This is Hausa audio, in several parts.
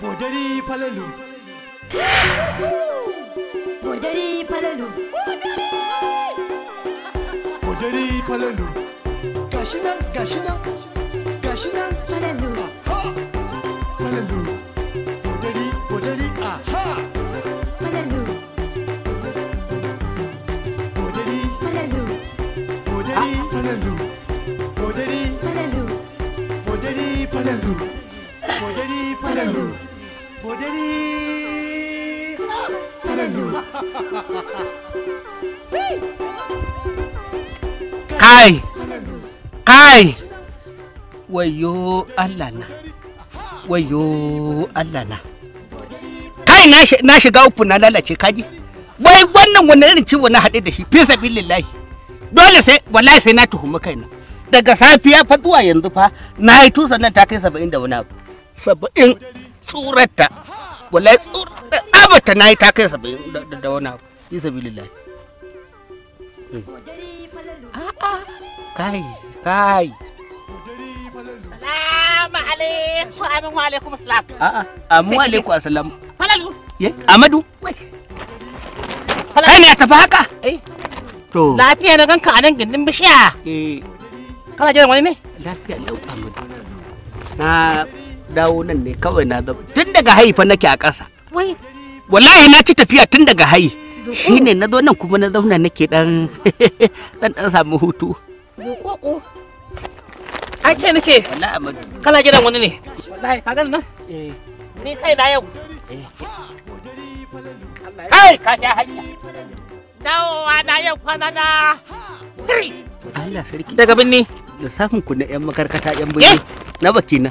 Bodari falalu. Bodari falalu. Bodari falalu. Gashi nan, gashi nan, gashi nan. Falalu. Falalu. Bodari, bodari, aha. Falalu. Bodari. Falalu. Bodari, falalu. Bodari. Falalu. Ah. Bodari, falalu. Bodari, falalu. Bodari! Kai! Kai! Wayo Allah na! Wayo Allah na! Kai na shiga uku na lalace kaji? Wai wannan wani irin ciwo na haɗe da shi fi sabi lillahi. Dole sai, wallahi sai na tuhumi kaina. Daga safiya fa zuwa yanzu fa na yi tusa nan ta kai saba'in da wani abu. Saba'in tsurarta wallahi tsabata na yi ta kai saba'in da wani abu isa bilillahi eh. kai kai salamu alaikum amin wa alaikum salam a'a amin wa alaikum salam falalu ye amadu kai ne a tafi haka eh. to lafiya na ganka a nan gindin bishiya eh kana jiran wani ne lafiya lau amadu na dawo nan ne kawai na zama tun daga haifa nake a ƙasa wallahi na ci tafiya tun daga hayi shine na zo nan kuma na zauna nake dan dan dan samu hutu zuƙoƙo ai ce nake wallahi amadu kana jiran wani ne wallahi ka gani nan eh. ni kai na yau eh. kai ka sha hanya dawowa na yau kwana na Allah sarki daga binni lissafin ku na yan makarkata yan binni na baki na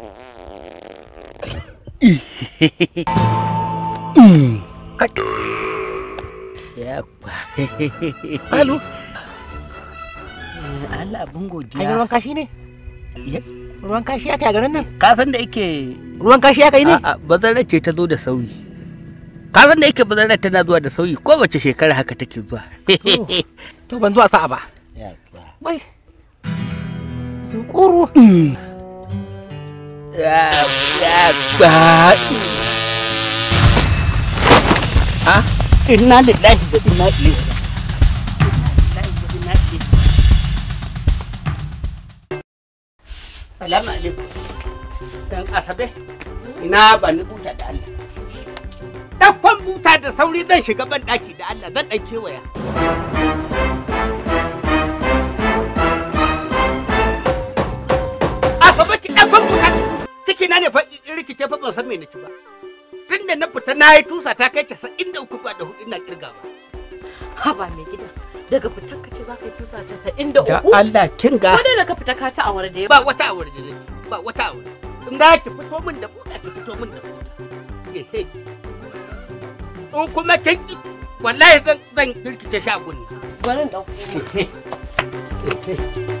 Alu. Eh, Allah abin godiya. An ruwan kashi ne? Ruwan kashi ya kai a garin nan? Ka san da yake. Ruwan kashi ya kai ne? Bazarar ce ta zo da sauyi. Ka san da yake bazarar tana zuwa da sauyi ko wace shekara haka take zuwa. To ban zuwa sa'a ba. Wai. Zukuru. Mm. Ah? inna lillahi wa inna ilaihi salamu alaikum dan asabe ina ba ni buta da Allah dakon buta da sauri zan shiga ban daki da Allah zan dan kewaya ciki na ne fa rikice fa ban san me nake ba tun da na fita na yi tusa ta kai casa'in da uku ba da hudu ina kirga ba ha ba mai gida daga fitar ka ce za ka yi tusa casa'in da uku da Allah kin ga ko da ka fita ka ci awar da ba wata awar da ne ba wata awar in za ki fito min da buɗa ki fito min da buɗa ehe in kuma kin ki wallahi zan zan kirkice shagun nan bari dan kuma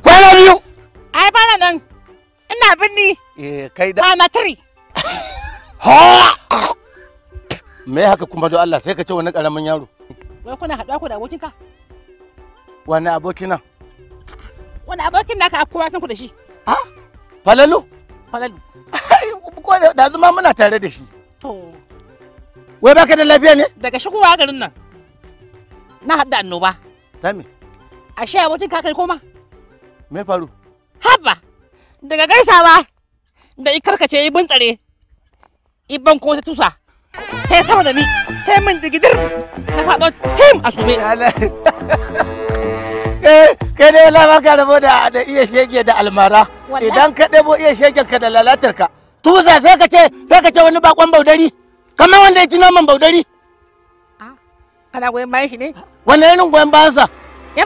Kwana biyu. Ai bana nan. Ina binni. Eh kai da. Kwana tiri. Me haka kuma don Allah sai ka ce wani karamin yaro. Wai kuna haɗuwa ku da abokinka? Wani abokina? Wani abokin ka kowa san ku da shi? Ha? Falalu? Falalu. Ko da zama muna tare da shi. To. Wai baka da lafiya ne? Daga shigowa garin nan. Na haɗa annoba. a Ashe abokin ka kai koma? me faru haba daga gaisawa da ikarkace bin tsare ibban ko ta tusa ta yi sama da ni ta yi min digidir ta faɗo tim a sube kai dai lama ka rabo da da iya shege da almara idan ka ɗebo iya shegen ka da lalatar ka tusa sai ka ce sai ka ce wani bakon baudari kamar wanda ya ci naman baudari kana goyon bayan shi ne wannan irin goyon bayan sa ya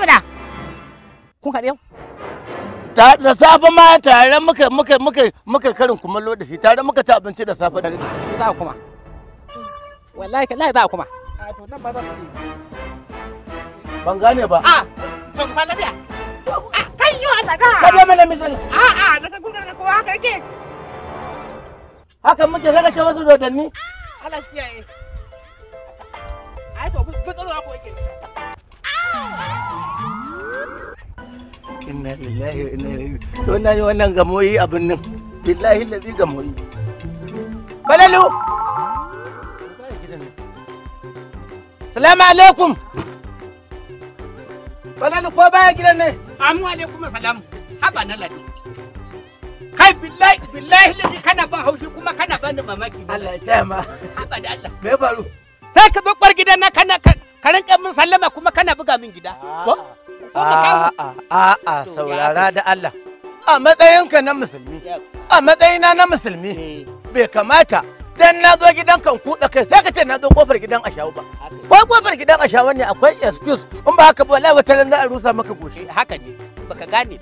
kun haɗe yau da safe ma tare muka muka muka muka karin kumallo da shi tare muka ci abinci da safe da za kuma wallahi kai za kuma a to nan ba za ku ban gane ba a ah, ban kwana da ah, kai yo a daga ka ga mana mizan a ah, a na san gugar ko haka yake haka muke saka ce wasu dodanni Allah shi yayi ai to bi tsoro ko yake inna lillahi wa inna ilaihi to na yi wannan gamoyi abin nan billahi lazi gamoyi balalu salamu alaikum balalu ko baya gidan ne amu alaikum salam haba na ladi kai billahi billahi lazi kana ban haushi kuma kana ban mamaki Allah ya taya ma haba da Allah me faru sai ka zo kwar gidan na kana ka rinka min sallama kuma kana buga min gida ah. ko ko a'a saurara da Allah a matsayinka na musulmi a matsayina na musulmi eh. bai kamata dan na zo gidan kan kuɗa kai sai ka ce na zo kofar gidan ashawu ba ko kofar gidan ashawu ne akwai excuse in ba haka ba wallahi wata ran za a rusa maka goshi eh, haka ne baka gane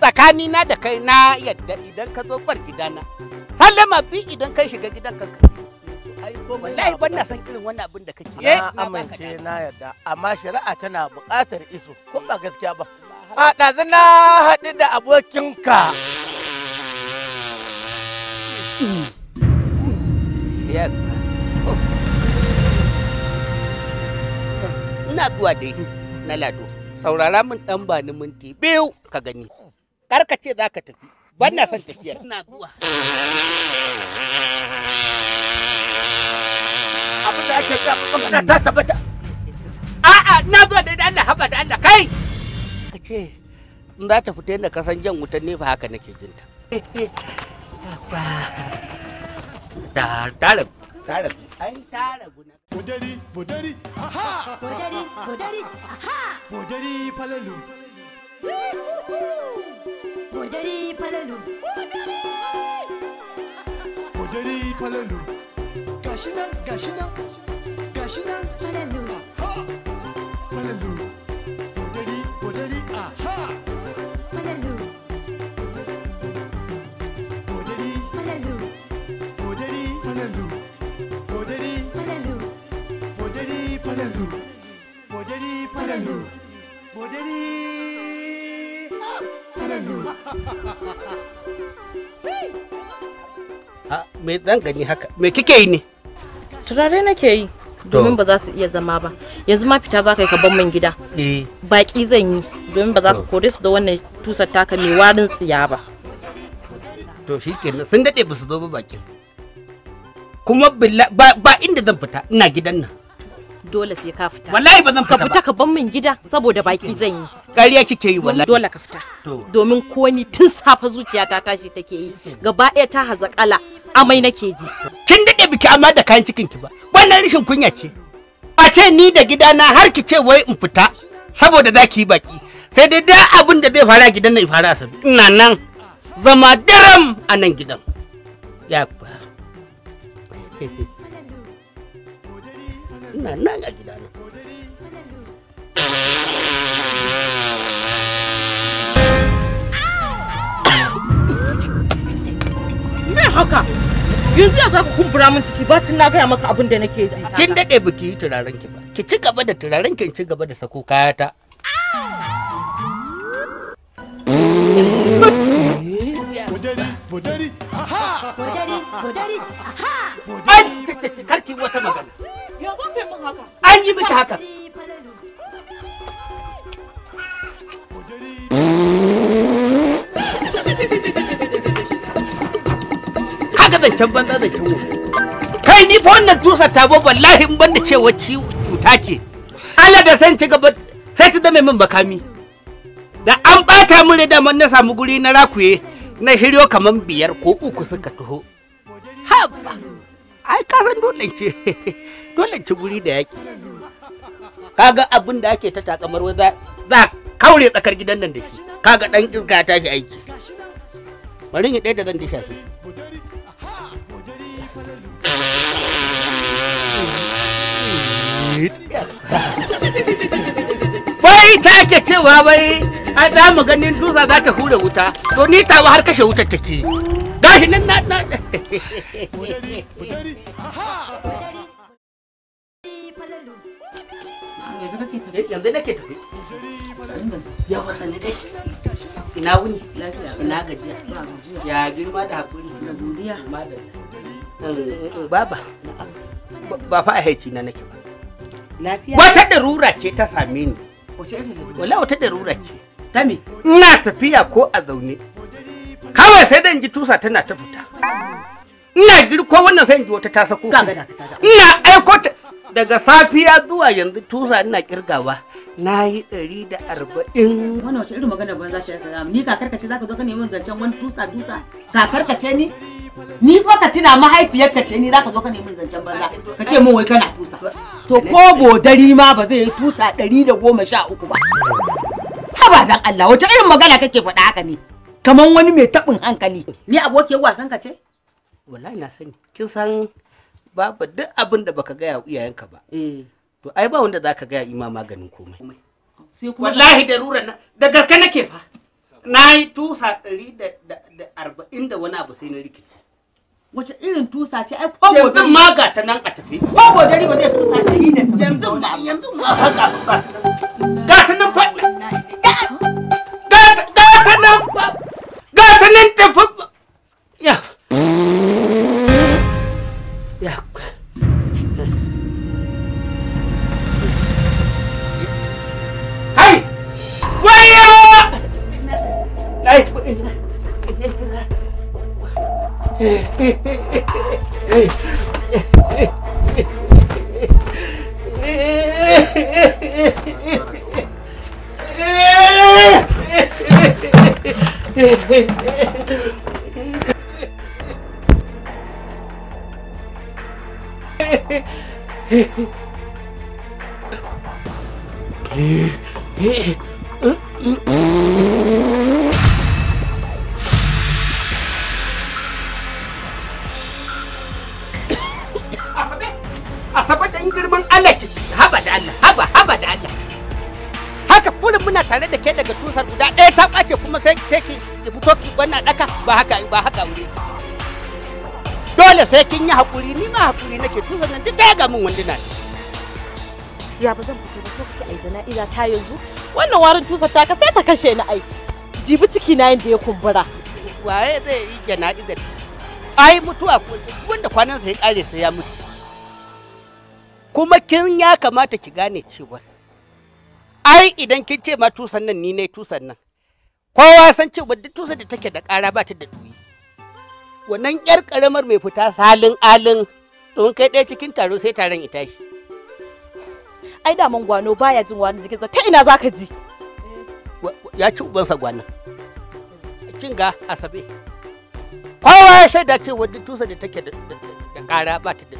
tsakani na da kai na yadda idan ka zo kofar gidana sallama bi idan kai shiga gidan kanka wallahi ban na san irin wannan abin da kake na eh, amince na yarda amma shari'a tana buƙatar iso ko ba gaskiya ba a ɗazu na haɗu da abokinka ina zuwa dai na lado saurara min ɗan ba ni minti biyu ka gani karka ce za ka tafi ban na son tafiyar ina zuwa a'a na zo da Allah da Allah kai kace in za ta fita ka san jan wutar ne ba haka nake jin ta da gashi nan gashi haka me kike yi ne turare nake yi domin ba za su iya zama ba yanzu ma fita za ka yi ka ban min gida eh. baki zan yi domin ba za ka kore su da wannan tusar taka mai warin tsiya ba to shi kenan sun daɗe ba su zo ba bakin kuma ba inda zan fita ina gidan nan dole sai ka fita wallahi ba zan fita ka fita min gida saboda baki zan yi ƙarya kike yi wallahi dole ka fita domin ko ni tun safa ta tashi take yi gaba ɗaya ta hazakala amai nake ji kin dade biki amma da kayan cikin ki ba wannan rishin kunya ce a ce ni da gida na har ki ce wai in fita saboda za ki yi baki sai dai da abin da zai fara gidan na fara asabi ina nan zama daram a nan gidan ya ina nan a gidana me haka yanzu ya za ka kumfura min ciki tun na gaya maka abin da nake ji kin daɗe biki yi turaren ki ba ki ci gaba da turaren ki ci gaba da sako kayata bodari bodari bodari bodari bodari Ya yi min haka? An yi miki haka. Haka da can banza da kiwo. Kai ni fa wannan tusar tabo wallahi in banda cewa cuta ce. Allah da san ci gaba sai ta zame min bakami. Da an bata min da na samu guri na rakuye na hiryo kaman biyar ko uku suka taho. Haba, ai ka san dole ce. dole ci guri da yaƙi kaga abin da ake ta takamar wai za kaure tsakar gidan nan da ke kaga dan iska ta shi aiki bari ni ɗaya da zan disha shi wai ta ake cewa wai a za mu ganin duza za ta hura wuta to ni tawa har kashe wutar take gashi nan na na yanzu kake tafi eh, yanzu nake tafi ya wasa ne dai ina wuni ina gajiya ya girma da hakuri da duniya eh, baba ba fa a haici na nake ba lafiya wata darura ce ta same ni wace irin wala wata darura ce ta me ina tafiya ko a zaune kawai sai dan ji tusa tana ta fita ina girko wannan sai in ji wata ta sako ina aiko ta daga safiya zuwa yanzu tusa ina kirgawa na yi ɗari da arba'in. Wani wace irin magana ban za shi ya ni ka ce za ka zo ka nemi zancen wani tusa tusa ka ce ni? Ni fa ka tuna mahaifiyarka ce ni za ka zo ka nemi zancen banza ka ce min wai kana tusa. To ko dari ma ba zai yi tusa ɗari da goma sha uku ba. Haba dan Allah wace irin magana kake faɗa haka ne? Kamar wani mai taɓin hankali. Ni abokiyar wasan ka ce? Wallahi na sani kin san babu duk abin da baka gaya iyayenka ba eh. to ai ba wanda zaka gaya ima maganin komai wallahi da rura na da garka nake fa na yi tusa ɗari da arba'in da wani abu sai na rikici wace irin tusa ce ai ko yanzu ma ga ta nan a tafi ko godari ba zai tusa ta yi da yanzu ma yanzu ma haka ga ta nan fa ga ta nan ga ta nan tafi 来，来，来，哎哎哎 akan ya ba zan fito ba so kake ai zana'iza ta yanzu wannan warin tusa ta ka sai ta kashe ni ai jibi ciki na yanda ya kumbura waye zai yi jana'izar ai mutuwa wanda kwanan sa ya kare sai ya mutu kuma kin ya kamata ki gane cewa ai idan kin ce ma tusan nan ni ne tusan nan kowa san cewa duk tusar da take da kara ba ta da duyi wannan yar karamar mai fita salin alin to kai ɗaya cikin taro sai taron ya shi ai da man gwano baya jin wani sa, ta ina zaka ji ya ci ubansa gwanan kin ga asabe kowa ya shaida cewa duk tusa da take da kara ba ta da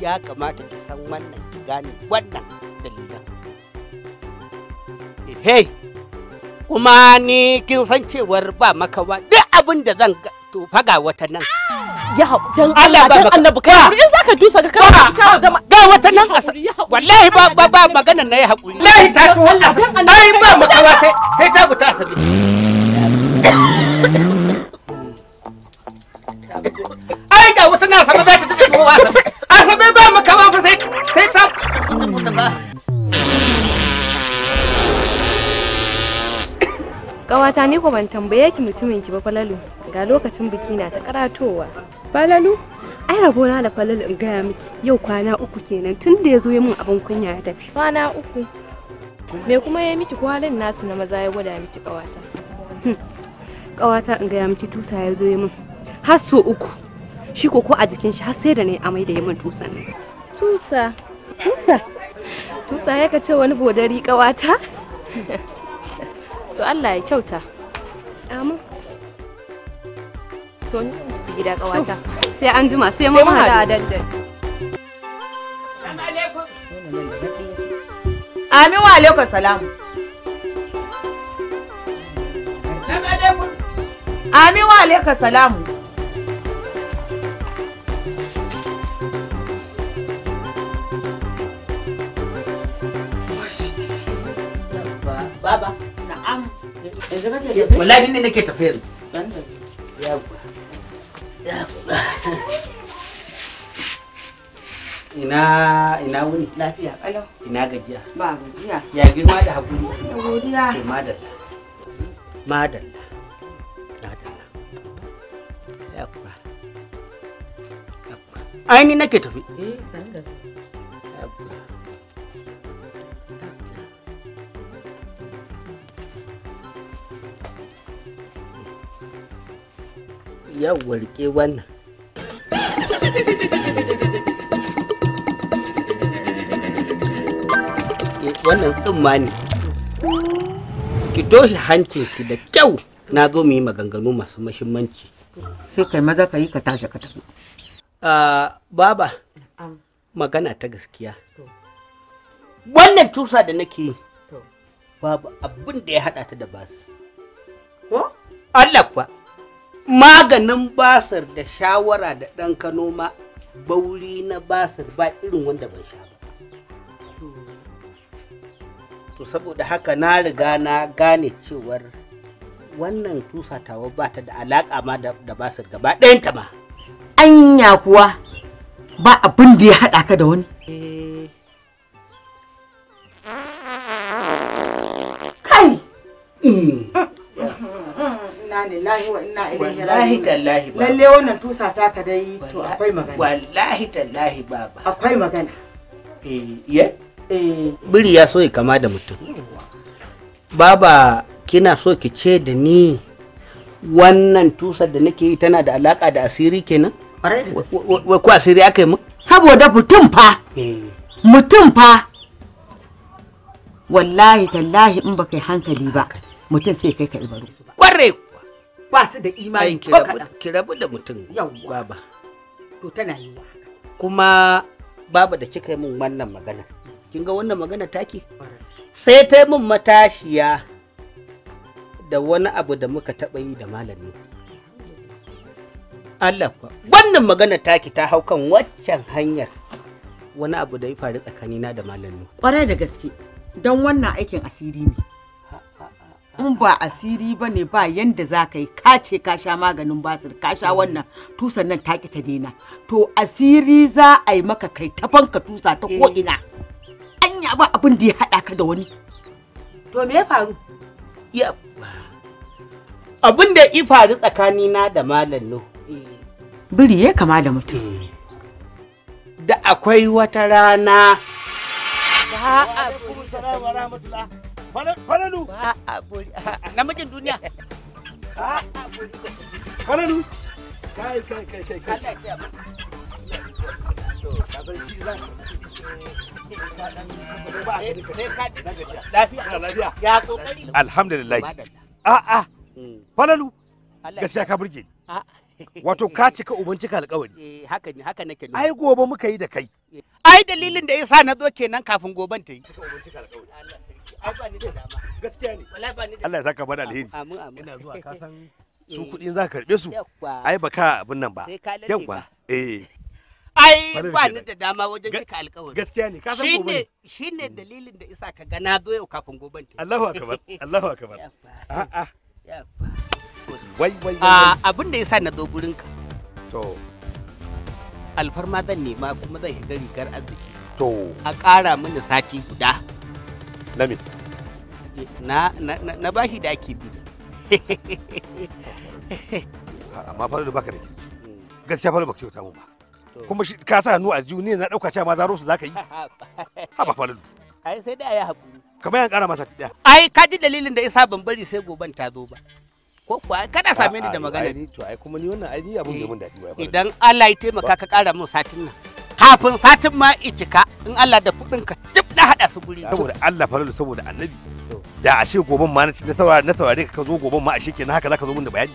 ya kamata ki san wannan ki gane wannan dalilan eh, hey kuma ni kin san cewar ba makawa duk abin da zan to faga wata nan ya dan Allah dan annabi kai in zaka dusa ga kai ka zama ga wata nan asa wallahi ba ba ba maganar nayi hakuri wallahi ta to wallahi ai ba makawa sai sai ta fita asabi ai ga wata nan sama za ta dade kowa asabi asabi ba makawa ba sai sai ta fita ba Ƙawata ni ko ban tambaye ki mutumin ki ba falalu ga lokacin biki na ta karatowa. Falalu? Ai rabona da Falalu in gaya miki yau kwana uku kenan tun da ya zo ya min abin kunya ya tafi. Kwana uku? Me kuma ya miki kwalin nasu na maza ya gwada miki ƙawata? Kawata hm, in gaya miki tusa ya zo ya min har so uku. Shi ko ko a jikin shi har sai da ne amai da ya min tusa ne. Tusa? Tusa? Tusa ya ka ce wani bodari ƙawata? To Allah ya kyauta. Amin. Tony. gida ƙawata. Sai an jima sai mun haɗu a daddan. Ami wa alaikum salam. Ami wa alaikum salam. Baba, na'am. Wallahi ne nake tafiya. Sanda. Yawa. Ina ina wuni? Lafiya alo Ina gajiya? Ba gajiya. Ya girma da hakuri. Da godiya. To madalla. Madalla. Madalla. Ya kuma. Ai ni nake tafi. Eh, sanda. Ya kuma. yau warke wannan eh, wannan tsumma ne ki toshe hancinki da kyau na zo mu yi maganganu masu mahimmanci sai kai maza ka yi ka tashi ka tafi ah, baba magana ta gaskiya wannan tusa da nake yi babu abin da ya haɗa ta da basu ko Allah kuwa maganin basar da shawara da ɗan kano ma bauri na basar ba irin wanda ban sha ba to saboda haka na riga na gane cewar wannan tusa tawa ba ta da alaƙa ma da basar, gaba ɗayanta ma anya kuwa ba abin da ya haɗa ka da wani eh. kai lillahi ta baba so baba kina so ki ce da ni wannan tusar da nake yi tana da alaka da asiri kenan wa ko asiri aka yi mu saboda mutum fa eh. mutum fa wallahi tallahi in baka yi hankali ba mutum sai kai ka ibaro kwarai ba su da imani ko kaɗan. Ki rabu da mutum baba. To tana yi wa Kuma baba da kika yi min wannan magana. Kin ga wannan magana taki? Sai ta yi min matashiya da wani abu da muka taɓa yi da malami. Allah kuwa. Wannan magana taki ta hau kan waccan hanyar wani abu da ya faru tsakanina da malami. Kwarai da gaske, don wannan aikin asiri ne. in ba asiri ba ne ba yanda za ka yi ka ce ka sha maganin basir ka sha wannan tusan nan ta ta daina to asiri za a yi maka kai ta banka tusa ta eh. ko ina anya ba abin da ya hada ka da wani to me ya faru abin da ya faru tsakani na da malam no eh. biri ya kama da mutum eh. da akwai wata rana da Falalu. Ba A'a. Falalu. Gaskiya ka burge Wato ka cika eh, Ai gobe muka yi da kai. Eh, ai dalilin da yasa na zo kenan kafin goben ta yi. ai ba ni da dama gaskiya ne wallahi ba ni da Allah ya saka bada alheri amin amin ina zuwa ka san su eh. kuɗi za ka su ai ba ka nan ba eh ai wajen cika gaskiya ne ka san gobe ne dalilin da isa ka ga na zo yau kafin goben Allahu akbar Allahu na zo ka alfarma zan nema kuma zan shiga rigar arziki to a ƙara mini sati guda na na na na bashi da ake bi amma fa da baka da kirki hmm. gaskiya fa da baka kyauta mu ba kuma shi ka sa hannu a jiyu ne na dauka cewa ma zaro su zaka yi haba fa lalu ai sai da ya hakuri kamar yan kara masa tida ai ka ji dalilin da isa ban bari sai goban ta zo ba ko kuwa kada same ni da magana to ai kuma ni wannan ai ni abun da mun dadi ba idan Allah ya taimaka ka kara mun satin nan kafin satin ma icika in Allah da kuɗin ka duk na haɗa su guri saboda Allah faralu saboda annabi da ashe goban ma na saurare na saurare ka zo goban ma ashe kenan haka zaka zo min da bayani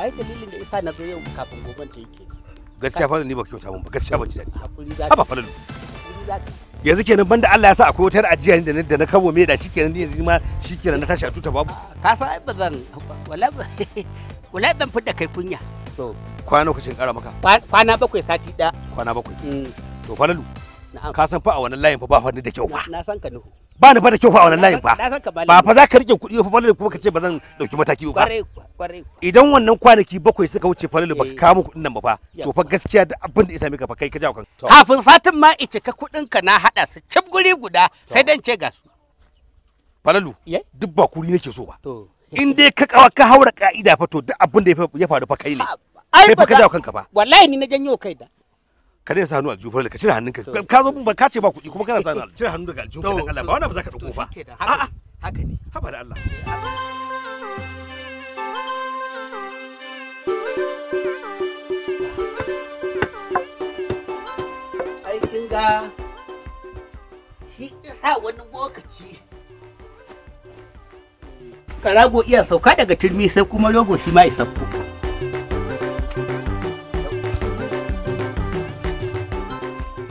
ai ba dalilin da isa na zo yau kafin goban ta yake gaskiya faralu ni ba kyauta mun ba gaskiya ban ji dadi hakuri ba ka yanzu kenan banda Allah ya sa akwai wata ajiya da da na kabo me da shikenan ni yanzu ma shikenan na tashi a tuta babu ka san ai bazan zan wala wala dan fidda kai kunya to kwana kucin kara maka kwana bakwai sati da kwana bakwai mm. to falalu ka san fa a wannan layin fa ba fa da kyau ba. na san ka nuhu ba ni fa da kyau fa a wannan layin fa ba fa za ka rike kuɗi fa falalu kuma ka ce ba zan dauki mataki ba idan wannan kwanaki bakwai suka wuce falalu ka eh. kawo kuɗin nan ba fa to fa gaskiya da abin da isa mika fa kai ka jawo kan kafin satin ma ice ka kuɗin ka na hada su cif guri guda sai dan ce ga su falalu duk ba kuri nake so ba in dai ka kawa ka haura ka'ida fa to duk abin da ya faru fa kai ne kai fa ka jawo kanka fa wallahi ni na janyo kai da ka dai sa hannu aljihu ka cire hannunka ka zo ba ka ce ba kuɗi kuma kana sa cire hannu daga aljihun dan Allah ba wannan ba za ka dauko ba a'a haka ne haba da Allah aikin ga shi isa wani lokaci karago iya sauka daga turmi sai kuma rogo shi ma ya sauko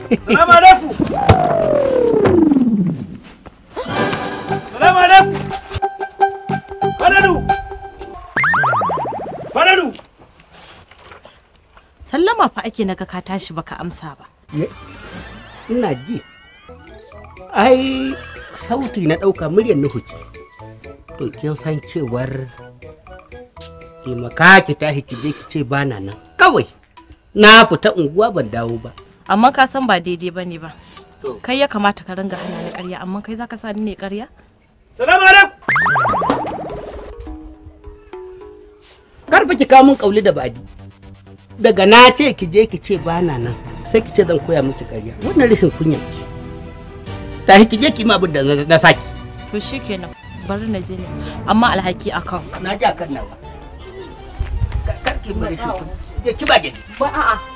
Salamu alaikum. Salamu alaikum. Sallama fa ake naga ka tashi baka amsa ba. Ina ji. Ai sauti na ɗauka muryar Nuhu ce. To kin san cewar ki ki tashi ki je ki ce bana nan. Kawai na fita unguwa ban dawo ba. amma ka san ba daidai ba ne ba kai ya kamata ka ringa hana ni ƙarya amma kai zaka sa ni ne ƙarya salamu alaikum karfi ki kawo min kauli da badi daga na ce ki je ki ce ba na nan sai ki ce zan koya miki ƙarya wannan rashin kunya ce ta ki je ki ma abin da na saki to shikenan bari na je ne amma alhaki akan na ji akan nawa karki mu rashin kunya ki ba gidi ba a'a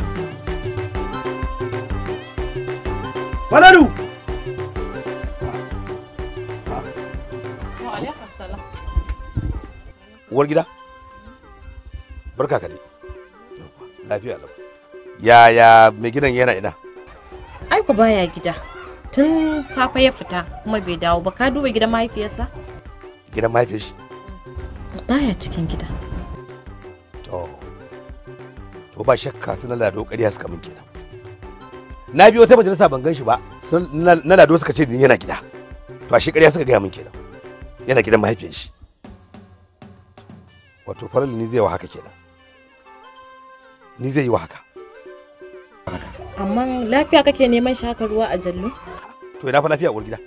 yaya mai gidan yana ina ai ku baya gida tun safe ya fita kuma bai dawo ba ka duba gidan mahaifiyarsa gidan mahaifiyar shi baya cikin gida to to ba shakka suna lado ƙarya suka min kenan na biyo ta majalisa ban gan shi ba na lado suka ce ni yana gida to shi ƙarya suka gaya min kenan yana gidan mahaifiyar shi wato faral ni zai wa haka kenan ni zai yi wa haka Amma lafiya kake neman shaka ruwa a jallo? To ina fa lafiya uwar gida.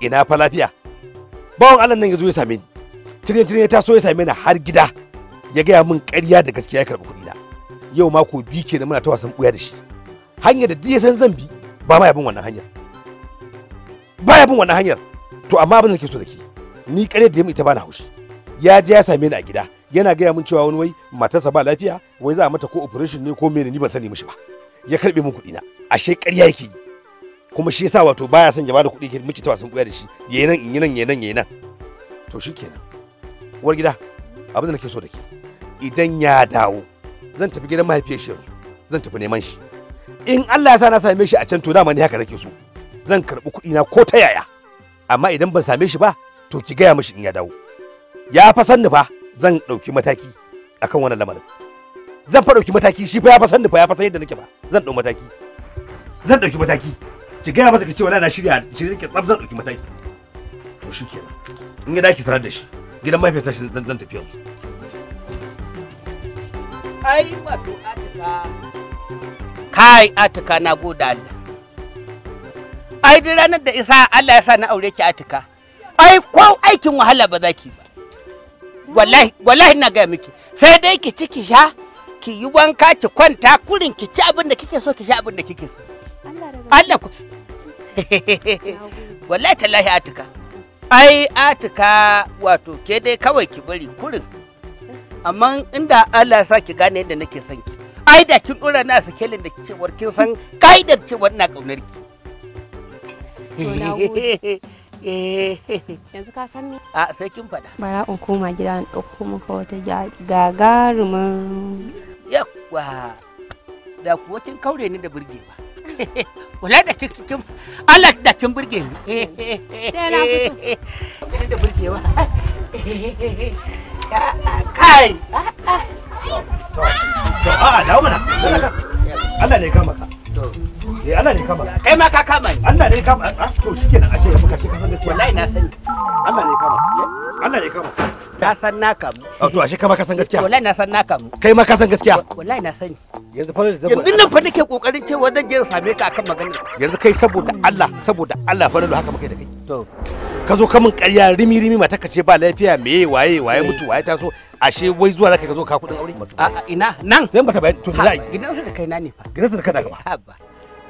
Ina fa lafiya. Bawan Allah nan ya zo ya same ni. Cire cire ya taso ya same ni har gida. Ya gaya mun ƙarya da gaskiya ya karɓi kuɗi na. Yau mako biyu da muna ta wasan ɓuya da shi. Hanyar da duk ya san zan bi ba ma yabin wannan hanyar. Ba ya bin wannan hanyar. To amma abin da ke so da ke. Ni ƙarya da ya ita ba na haushi. Ya je ya same ni a gida. yana gaya min cewa wani wai matarsa ba lafiya wai za a mata ko operation ne ko mene ni ban sani mishi ba ya karbe min kuɗi na ashe ƙarya yake yi kuma shi yasa wato baya son ya bada kuɗi ke miki ta sun buya da shi yayi nan in yi nan yayi nan yayi nan to shikenan uwar gida abin da nake so da ke idan ya dawo zan tafi gidan mahaifiyar shi yanzu zan tafi neman shi in Allah ya sa na same shi a can to dama ne haka nake so zan karɓi kuɗi na ko ta yaya amma idan ban same shi ba to ki gaya mishi in ya dawo ya fa ni fa zan ɗauki mataki akan wannan lamarin zan fa ɗauki mataki shi fa ya fa ni fa ya fa san yadda nake ba zan ɗau mataki zan ɗauki mataki ki gaya masa ka ce wala na shirya shirya ki tsaf zan ɗauki mataki to shi kenan in ya daki sanar da shi gidan mahaifiyarta shi zan tafi yanzu ai wato atika kai atika na gode Allah ai duk ranar da isa Allah ya sa na aure ki atika ai ko aikin wahala ba za ki ba wallahi wallahi na gaya miki sai dai ki ciki sha ki yi wanka ki kwanta kurin ki ci abin da kike so ki sha abin da kike so Allah ku wallahi tallahi atika ai atika wato ke dai kawai ki bari kurin amma inda Allah sa ki gane yadda nake son ki ai da kin dora na sikelin da cewar kin san kaidar cewar na kaunar ki eh. yanzu ka san me a sai kin faɗa bara in koma gida in ɗauko maka wata gagarumin wa da kuwa kin kaure ni da burge ba kula da kin kin Allah da kin burge ni sai da burgewa kai ah, ah. A'a dawo mana. Allah ne kama ka. Eh Allah ne kama. Kai ma ka kama ni. Allah ne kama. To shikenan ashe ya buka cikin gaskiya. Wallahi na sani. Allah ne kama. Allah ne kama. Na san na kamu. To ashe kama ma ka san gaskiya. Wallahi na san na kamu. Kai ma ka san gaskiya. Wallahi na sani. Yanzu fa da Yanzu nan fa nake kokarin cewa zan je same ka akan maganar. Yanzu kai saboda Allah saboda Allah fa haka muke da kai. To. Ka zo ka min ƙarya rimi rimi mata ka ce ba lafiya me waye waye mutu waye taso ashe wai zuwa zaka zo ka kudin aure a ina nan sai bata bayani to za a gidan sa da kaina ne fa gidan sa da kada ba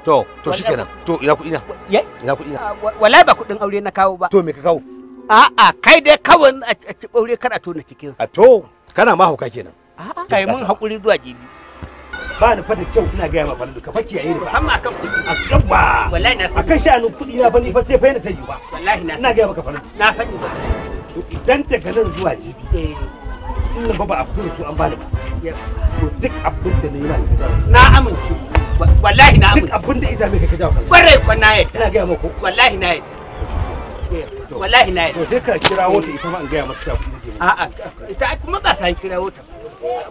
to to shikenan to ina kudi na ina kudi na ah, wallahi ba kudin aure na kawo ba to me ka kawo a'a ah, ah, kai dai kawo a ci aure kar to na cikin a to kana ma hauka kenan a kai mun hakuri zuwa jibi ba ni fadin kyau ina gaya ma falu ka fake yayi ba amma akan kudi a gaba wallahi na san akan shanu kudi na bani fa sai fa yana yi ba wallahi na ina gaya maka falu na sani ba idan daga nan zuwa jibi eh. na ba ba a na yi na amince na amince da isa na ina gaya ka kira wata ita ma in gaya maka cewa kuma ba kira wata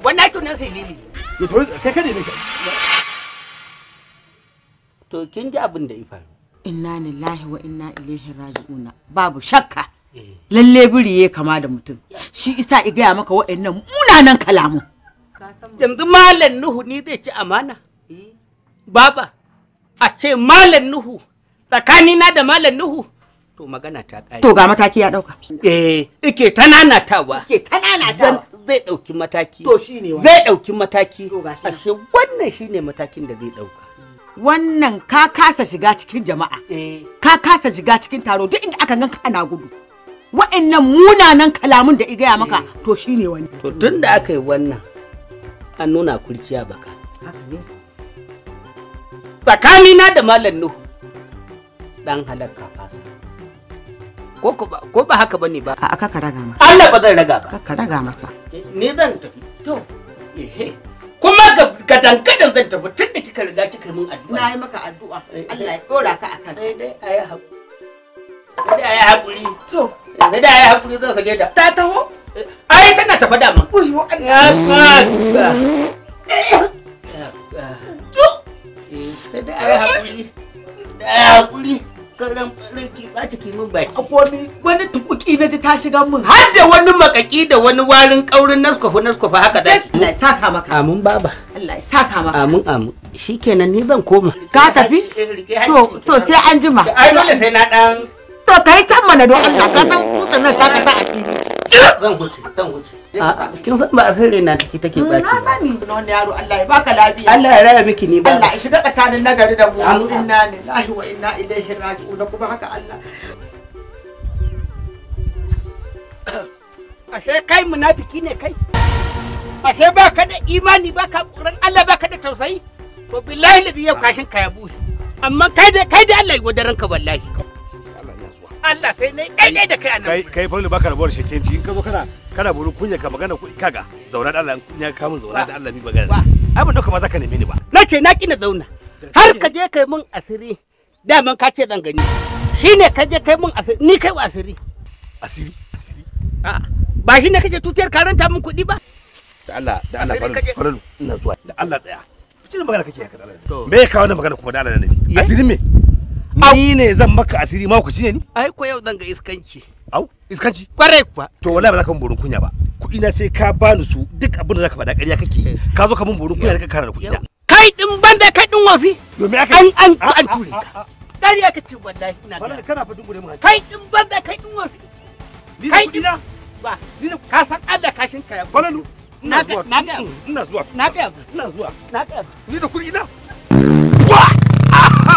wannan to nan sai to kin ji abin da ya faru inna lillahi wa inna ilaihi raji'una babu shakka lalle biri ya kama da mutum shi isa i gaya maka waɗannan munanan kalamu yanzu malam nuhu ni zai ci amana baba a ce malam nuhu tsakanina da malam nuhu to magana ta kare to ga mataki ya dauka eh ike tananatawa ike tananatawa zai dauki mataki to shine zai dauki mataki ashe wannan shine matakin da zai dauka wannan ka kasa shiga cikin jama'a eh. ka kasa shiga cikin taro duk inda aka ganka ana gudu wa'annan munanan kalamun da igaya maka eh. to shine wani to tun da aka yi wannan an nuna kurciya baka haka ne tsakanina da malam nuhu dan halakka fasa ko ba haka bane ba a kaka raga masa Allah ba zan raga ba kaka raga masa eh, ni zan tafi to ehe kuma ga dankadan zan tafi tun da kika riga kika min addu'a na yi maka addu'a eh, Allah ya dora ka akan sai dai ayi hakuri sai dai ayi hakuri to yanzu da ya haƙuri zan sake ta ta taho ai tana ta faɗa min uyo eh, da ya haƙuri da ya haƙuri karan ranki ɓata ki min baki wani tukuki na ji ta shiga mun. har da wani makaki da wani warin ƙaurin naskwafa naskwafa haka da ki Allah ya saka maka amin baba Allah ya saka maka amin amin shikenan ni zan koma ka tafi eh, to to sai an jima ai dole sai na dan to ta can mana don Allah ta san oh. kusa nan ta kasa a zan huce zan huce kin san ba asiri na take take mm, ba na sani wannan yaro Allah ya baka lafiya Allah ya raya miki ni ba Allah ya shiga tsakanin nagari da mu inna lillahi wa inna ilaihi raji'un kuma haka Allah ashe kai munafiki ne kai ashe baka da imani baka kuran Allah baka da tausayi to billahi ladhi yau kashin ya bushe amma kai da kai da Allah ya godaranka wallahi ka Allah sai ne daidai da kai annabi kai kai fa baka rabuwar shekenci in ka zo kana kana buru kunya ka magana kuɗi kaga zauna da Allah ya ka mun zauna da Allah mi magana abin da kuma zaka neme ni ba na ce na kina zauna har ka je kai mun asiri daman ka ce dan gani shine ka je kai mun asiri ni kai wa asiri asiri asiri a ba shine kace tutiyar karanta mun kuɗi ba da Allah da Allah faralu ina zuwa da Allah tsaya fice magana kake haka da Allah me ya kawo da magana kuma da Allah na nabi asiri me ni ne zan maka asiri ma ku ci ne ni ai ko yau zan ga iskanci au iskanci kwarai kuwa to wallahi ba za ka mun borin kunya ba kuɗi ina sai ka bani su duk abin da zaka faɗa ƙarya kake yi ka zo ka mun borin kunya da ka kara da kuɗi kai din banda kai din wafi yo me aka an an an ture ka ƙarya kake wallahi ina wallahi kana fa dungure mu kai din banda kai din wafi kai din ba ni ka san Allah kashin ka ya ga. ina zuwa Na ga. ina zuwa Na ga. ni da kuɗi wa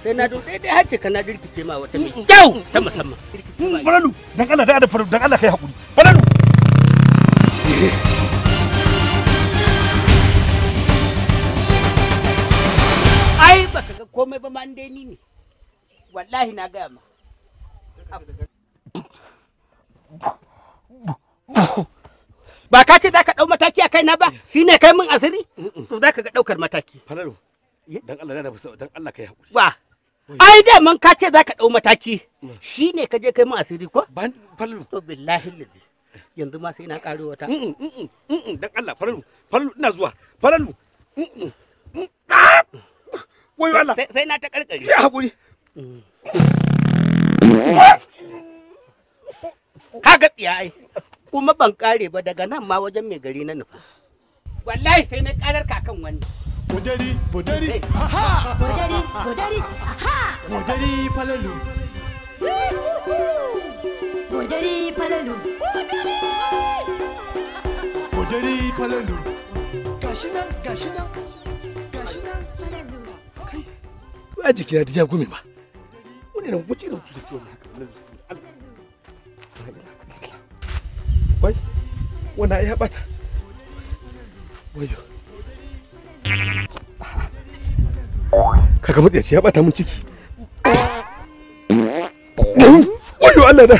sai na dai dai har ka na dirkice ma wata mai kyau ta musamman falalu dan Allah da falalu dan Allah kai hakuri falalu ai baka ga komai ba ma dai ni ne wallahi na gaya ma ba ka ce za ka ɗau mataki a kaina ba shi ne kai min asiri to za ka ga ɗaukar mataki falalu dan Allah na da dan Allah kai haƙuri ba ai da mun ka ce za ka ɗau mataki shi ne ka je kai mu asiri ko ban fallu to billahi lillahi yanzu ma sai na ƙaro wata dan Allah fallu fallu ina zuwa falalu ah! wai Allah sai na ta karkare ya hakuri mm. ka ga tsiya ai kuma ban kare ba daga nan ma wajen mai gari na nufa wallahi sai na karar kakan wani Bodari, bodari, ha Bodari, bodari, ha Bodari falalu. Bodari falalu. Bodari falalu. Gashi nan, gashi nan, gashi nan falalu. Ba jiki na ta ja gumi ba. Wani nan wace nan tuta ciwon haka. Wai, wani ya bata. Wayo. kaga matsiyaci ya bata mun ciki oyo Allah da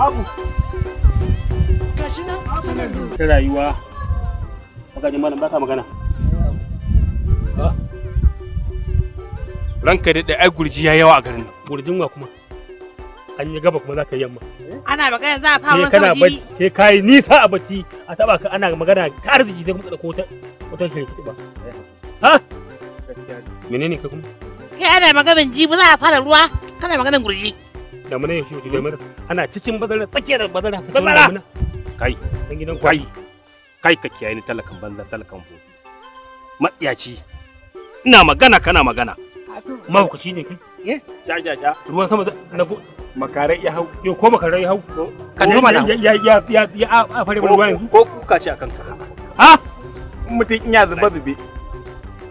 abu gashi ta rayuwa magajin malam baka magana ranka da ai gurji ya yawa a garin nan gurjin wa kuma an yi gaba kuma za ka yi yamma ana magana za a fara kana bacci Ke ka yi nisa a bacci a taba ka ana magana ka arziki sai kuma ko wata shirya kuɗi ba ha ne ka kuma kai ana magana jibi za a fara ruwa kana magana gurji da mun yaushe wata da mana ana cikin bazara tsakiyar bazara bazara kai dan gidan kai kai ka kiyaye ni talakan banza talakan bu matsiyaci ina magana kana magana mahaukaci ne kai eh? ja ja ja ruwan sama na makarai ya hau yo ko makarai ya hau ka ne mana ya ya ya ya a fare mana yanzu ko kuka ce akan ka ha mutum in ya zuba zube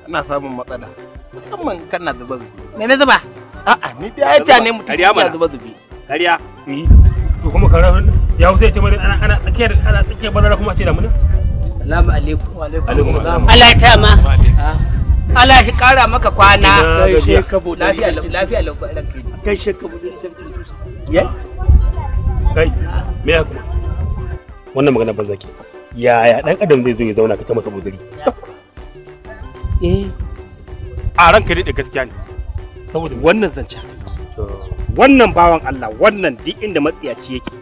ana samun matsala musamman kana zuba zube me ne zuba a'a ni dai ya ne mutum ya zuba zube kariya to kuma karar ya ce mana ana tsakiyar ana tsakiyar bazara kuma ce da muna salamu alaikum wa alaikum salam Allah ta ma Allah shi kara maka kwana gaishe ka bude lafiya lafiya lafiya gaishe ka bude sarkin tusa ya kai me ya kuma wannan magana ban zaki yaya dan adam zai zo ya zauna ka ta masa buduri eh a ranka dai gaskiya ne saboda wannan zancen wannan bawan Allah wannan duk inda matsiyaci yake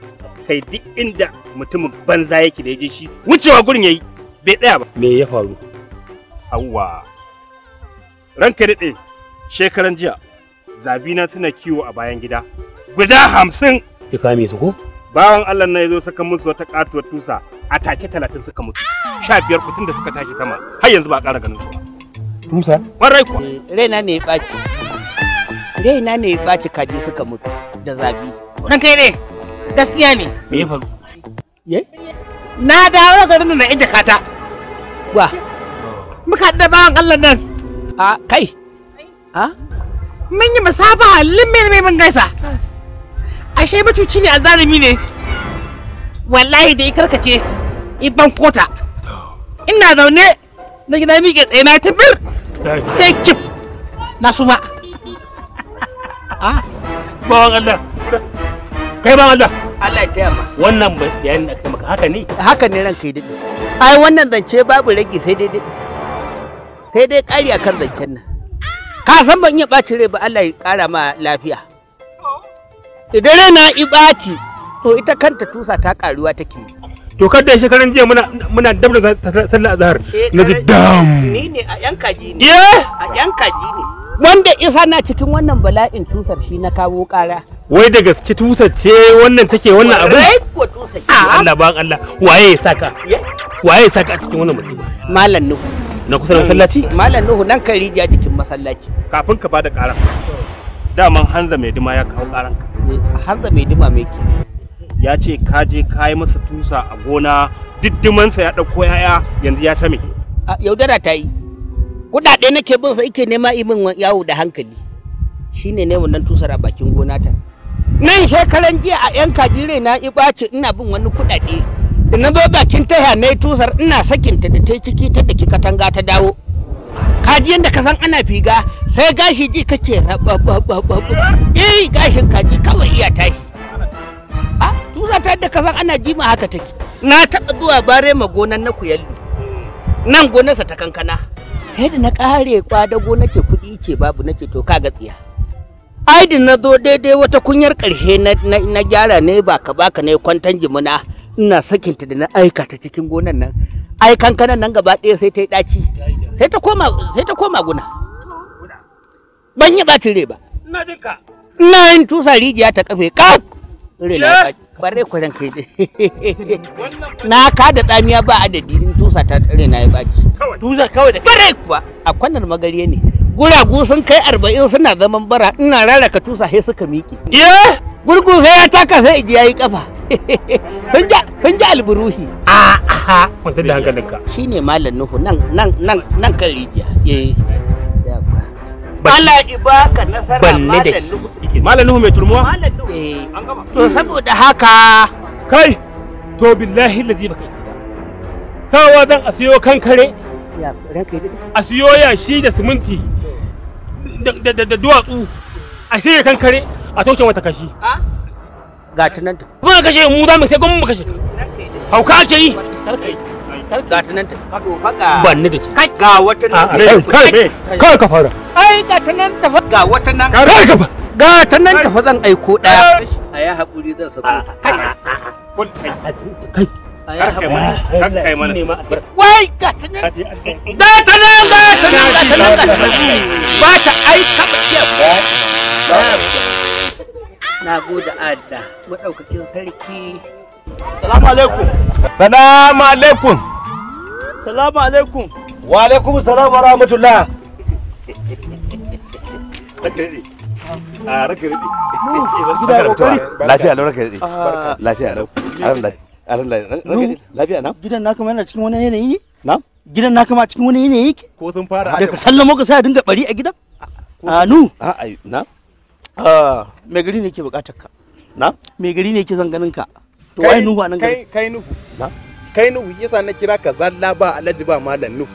kai duk inda mutumin banza yake da ya je shi wucewa gurin yayi bai tsaya ba me ya faru awwa ranka daɗe shekaran jiya zabina suna kiwo a bayan gida guda hamsin ki kame su ko bawan allah na ya zo saka musu wata katuwar tusa a take talatin suka mutu sha biyar kutun da suka tashi sama har yanzu ba ƙara ganin su Tusa? tusa ƙwarai kuwa eh, raina ne ya ɓaci raina ne ya ɓaci kaji suka mutu da zabi nan kai ne gaskiya ne me ya faru ye na dawo garin da na ije kata wa muka da bawan allah nan a kai a mun yi masafa halin mai mun gaisa ashe macuci ne a zarumi ne wallahi da ikarka ce iban kota ina zaune na gida mike tsaye na tabir sai kip na suma a wa Allah kai ba wa Allah Allah ya taya ma wannan bayanin da kai maka haka ne haka ne ranka yi dadi ai wannan zance babu rage sai dai dadi sai dai ƙari a kan zancen nan ka san ban iya ɓaci rai ba Allah ya ƙara ma lafiya idan rai na ɓaci to ita kanta tusa ta ƙaruwa take to kada ya shekaran jiya muna muna dab da sallar azhar na ji dam ni ne a yan kaji ne eh? a yan kaji ne wanda isa na cikin wannan bala'in tusar shi na kawo ƙara wai da gaske tusar ce wannan take wannan abin ah, Allah ba Allah waye saka waye saka cikin wannan mutum malam nuhu na kusa da hmm. masallaci malam nuhu nan kan rijiya jikin masallaci kafin ka bada karan daman hanza mai dima ya kawo karan eh, hanza mai dima me ke ya ce ka je ka yi masa tusa a gona diddimansa ya dauko yaya yanzu ya same yaudara ta yi kuɗaɗe nake bin sa yake nema min yawo da hankali shine ne wannan tusar a bakin gona ta nan shekaran jiya a yan kajire na ibace ina bin wani kuɗaɗe ina zo bakin taya na yi tusar ina sakinta da ta ciki ta daki katanga ta dawo kaji yadda ka san ana figa sai gashi ji kake eh gashin kaji kawai iya tashi a ah, tusa ta yadda ka san ana jima haka take na taɓa zuwa bare ma gonan na kuyalli. nan gonarsa ta kankana sai da na ƙare ƙwadago na ce kuɗi ce babu na ce to ka gatsiya aidin na zo daidai wata kunyar ƙarshe na gyara ne ba ka baka ne kwantan jimuna. ina sakinta da na aika ta cikin gonan nan ai kankanan nan gaba ɗaya sai ta yi ɗaci sai ta koma sai ta koma guna ban yi ɓacin rai ba ina jinka ina yin tusa rijiya ta kafe ka rai na bare kwaren kai na ka da tsamiya ba adadi in tusa ta rai na ya ɓaci tusa kawai da bare kuwa a kwanar magariya ne guragu sun kai arba'in suna zaman bara ina rarraka tusa sai suka miƙe gurgu sai ya taka sai ji ya yi kafa sun ji alburuhi a ha kwanta da hankalinka shi ne malam nuhu nan nan nan nan kan rijiya eh Allah ibaka nasara malam nuhu malam nuhu mai turmuwa malam nuhu eh an gama to hmm. saboda haka kai to billahi ladhi baka sawa zan a siyo kankare ya ranka yi a siyo shi da siminti hmm. da duwatsu a shirya kankare a toshe mata kashi a ah? ga ta nan ta ba kashe mu za mu sai gwamnati mu kashe hauka ake yi ga ta nan ta ban da shi ga wata nan kai ka fara ai ga ta nan ta ga wata nan kai ka ga ta nan ta zan aiko daya a ya hakuri zan sako kai Wai ga ta nan ga ta nan ga ta nan ga ta nan ba ta aika ba na gode adda maɗaukakin sarki salamu alaikum salamu alaikum salamu alaikum wa alaikum salam wa rahmatullah ah, lafiya lau raka daɗe ah. lafiya lau lafiya na gidan na kama yana cikin wani yanayi ne na gidan na kama cikin wani yanayi ko sun fara da ka sallamo ka sai a dinga bari a gidan anu ah, na Ah, mai gari ne ke bukatar ka na mai gari ne ke zanganin ka to wai nuhu anan gari kai nuhu na kai nuhu yasa na kira ka zalla ba alhaji ba malam nuhu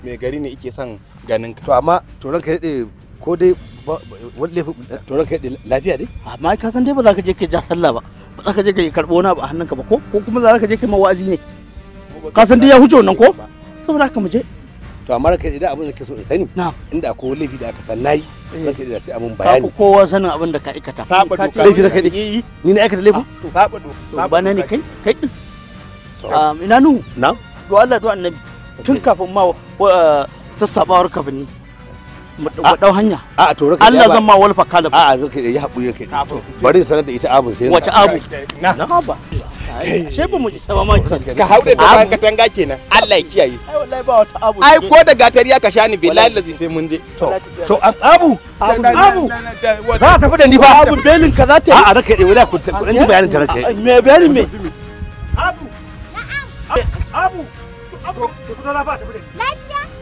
mai gari ne yake son ganin ka to amma to ranka yade ko dai wani laifin to ranka yade lafiya dai amma ka san dai ba za ka je ka ja sallah ba ba za ka je ka karbo na ba a hannunka ba ko kuma za ka je ka ma ne ka san dai ya huce wannan ko saboda haka mu je to amma kai idan abin da kake so in sani inda akwai wani laifi da aka san nayi zan eh. kai da sai abin bayani ka kowa sanin abin da ka aikata saba doka laifi da kai eh. ni na aikata laifin to saba doka ba na ne kai kai din to ina nu na do Allah do annabi tun kafin ma sassabawar kafin mu dau hanya a to raka Allah zan ma walfa kalaba a raka ya haƙuri to bari sanar da ita abun sai wace abu na ba Sai ba mu isa ba Ka haure da bayan katanga kenan. Allah ya kiyaye. Ai wallahi ba wata abu. Ai ko da gatari a kasha ni billahi lazi sai mun je. To to abu abu za tafi da ni fa. Abu belin ka za ta yi. A'a raka wallahi ku dan ji bayanin ta raka Me bayani me? Abu. Abu. Abu.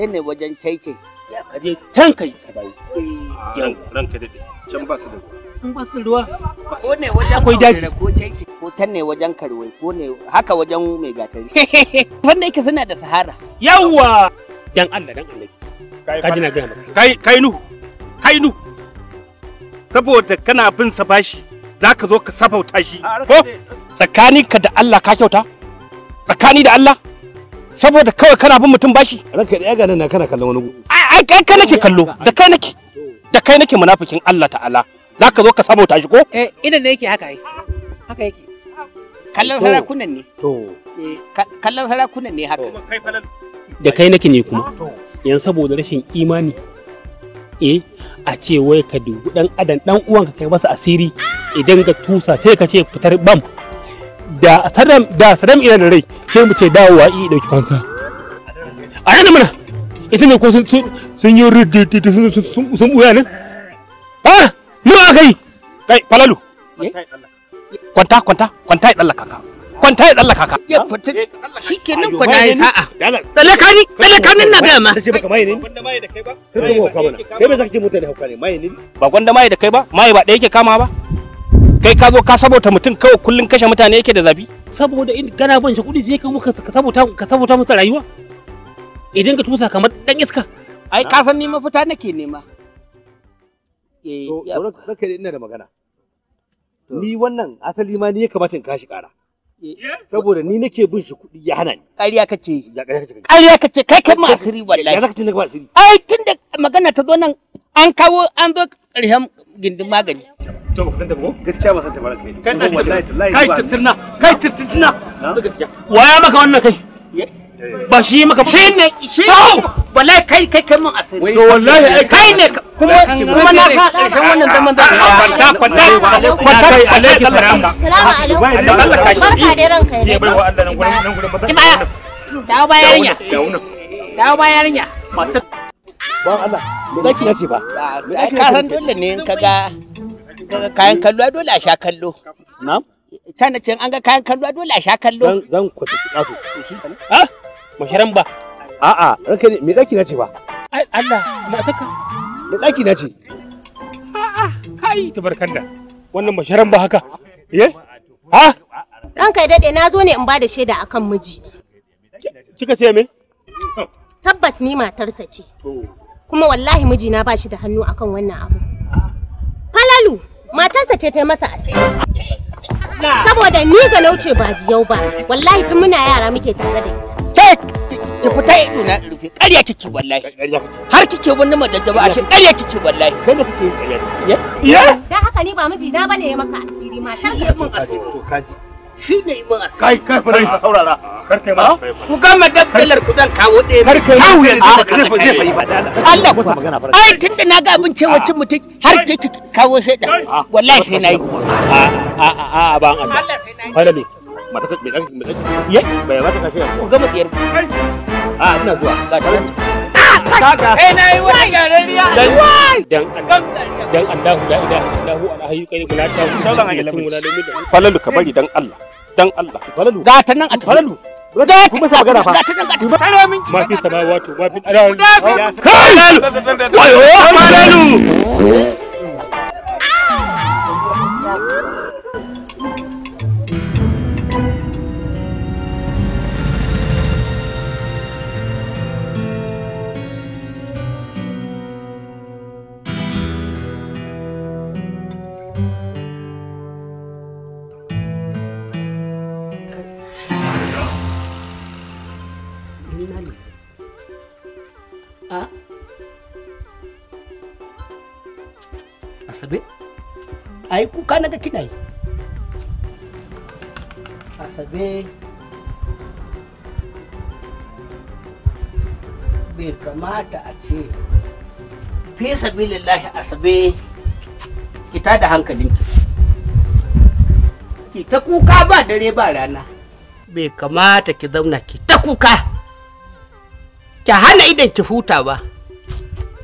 kai ne wajen caice ya je can kai ka dawo eh, ranka dade can ba su da ba su da ruwa ko ne wajen ko caice ko can ne wajen karwai ko ne haka wajen mai gatari wanda yake suna da sahara yawwa dan Allah dan Allah kai kai nu kai nu saboda kana bin sa bashi zaka zo ka sabauta shi ko ka da Allah ka kyauta tsakani da Allah saboda kawai kana bin mutum bashi ranka da yaga nan kana kallon wani ai kai kai nake kallo da kai nake da kai nake munafikin Allah ta'ala zaka zo ka samu tashi ko eh idan ne yake haka ai haka yake kallon sarakunan ne to eh, kallon sarakunan ne haka da kai nake ne kuma yanzu saboda rashin imani eh a ce wai ka dubu dan adam dan uwanka kai masa asiri idan ka tusa sai ka ce fitar bam da sadam ina da rai sai mu ce dawowa i dauki fansa a yana mana ita ne ko sun sun yi rududu sun sun buya nan ah mu aka yi kai falalu kwanta kwanta kwanta ya dallaka ka kwanta ya dallaka ka ya fita shikenan fa dai sa'a dallaka ni dallaka ni na ga ma sai baka mai ne gwanda mai da kai ba kai ba hauka bana kai ba zaka ce mutane hauka ne mai ne ba gwanda mai da kai ba mai ba da yake kama ba kai ka zo ka sabota mutum kawai kullun kashe mutane yake da zabi saboda in kana ban shi kudi sai ka muka ka sabota ka sabota musu rayuwa idan ka tusa kamar dan iska ai ka san ni mafita nake nema eh raka ina da magana ni wannan asali ma ni ya kamata in kashi kara eh. saboda ni nake bin shi kudi ya hana ni ƙarya kake ƙarya kake kai kai ma asiri wallahi ya zaka asiri ai tunda magana ta zo nan an kawo an zo ƙarshen gindin magani to ba ku san ta ko gaskiya ba san ta baraka kai kai wallahi kai tirtina kai tirtina da gaskiya waya maka wannan kai ba shi maka shi ne shi to wallahi kai kai kai mun asiri to wallahi ai kai ne kuma kuma na ka karshen wannan zaman da kwanta kwanta kwanta kai alaikum salam salamu alaikum Allah ka shi barka da ranka ya bai wa Allah nan gurin nan gurin ba ta dawo bayarinya dawo bayarinya matar Ba Allah, me zaki nace ba? Ka san dole ne in kaga kayan kallo dole a sha kallo. Na'am. Sana ce an ga kayan kallo dole a sha kallo. Zan kwata kafu. Ah, masharan ba. A'a, ranka ne me zaki nace ba? Ai Allah, mataka. Me zaki nace? A'a, kai tabarkanda. Wannan masharan ba haka. Ye? Eh? Ha? Ranka ya dade na zo ne in ba da shaida akan miji. Kika ce min? tabbas ni matarsa ce kuma wallahi mijina ba shi da hannu akan wannan abu falalu matarsa ce ta masa asiri saboda ni ga lauce ba jiyau ba wallahi tun muna yara muke tare da ita ki fita ido na rufe ƙarya kike wallahi har kike wani majajjaba ashe ƙarya kike wallahi kai ne kike ƙarya da haka ni ba mijina bane ya maka asiri matar ya mun asiri to kaji shi ne mun asiri kai kai fara saurara karkai ma ku gama daddalar ku kawo ɗaya karkai ma kawo yanzu da karfe zai fayi ba Allah ku magana fara ai na ga abin cewa cin mutum har ke kawo sai da wallahi sai nayi a a a a ban Allah Allah ne mata ta me dan me dan ye bai ku gama tsiyar a ina zuwa ga talanta kaga eh nayi wani garariya dan dan dan Allahu la ilaha illahu alhayyu qayyum la ta'khudhuhu sinatun wa la nawm falalu kabari dan Allah dan Allah falalu ga ta nan a falalu Mafi samawatu mafi alal. Kai! Ayo, malalu! abe ai kuka naga kina yi asabe bai kamata a ce fi sabilillahi asabe kita da hankalinki ki ta kuka ba dare ba rana bai kamata ki zauna ki ta kuka ki hana idan ki huta ba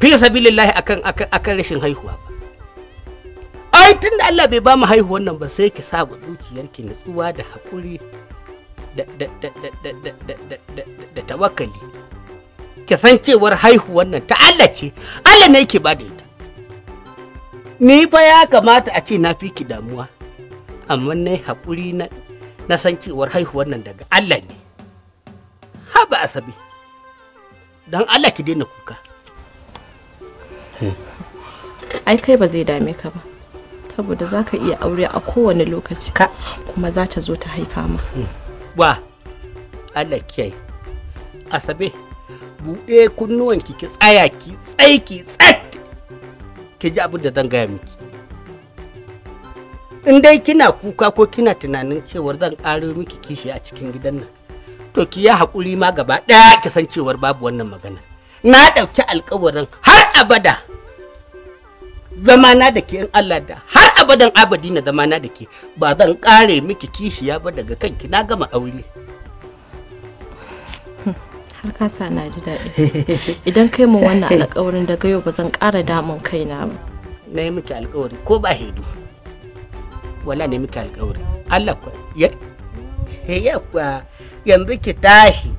fi sabilillahi akan akan rashin haihuwa ai tunda Allah bai ba mu haihuwar nan ba sai ki sa ga zuciyarki nutsuwa da haƙuri da tawakkali ki san cewar haihuwar nan ta Allah ce Allah ne yake bada ita ni fa ya kamata a ce na fi ki damuwa amma na haƙuri na na san cewar haihuwar nan daga Allah ne ba asabi don Allah ki daina kuka ai kai ba zai dame ka ba saboda za ka iya aure a kowane lokaci kuma za ta zo ta haifa ma. Wa, Allah kiyaye, Asabe, buɗe kunnuwan ki tsaya ki tsaiki tsat ki ji abin da zan gaya miki. In dai kina kuka ko kina tunanin cewar zan ƙaro miki kishi a cikin gidan nan, to ki ya haƙuri ma gaba ɗaya ki san cewar babu wannan magana. Na ɗauki alƙawarin har abada. zamana da ke in Allah da har abadan abadi na zamana da ke ba zan kare miki kishiya ba daga kanki na gama aure har ka sa na ji daɗi idan kai mu wannan alƙawarin daga yau ba zan ƙara damun kaina ba na yi miki alƙawari ko ba hedu wala ne miki alƙawari Allah ko ya ya yanzu ki tashi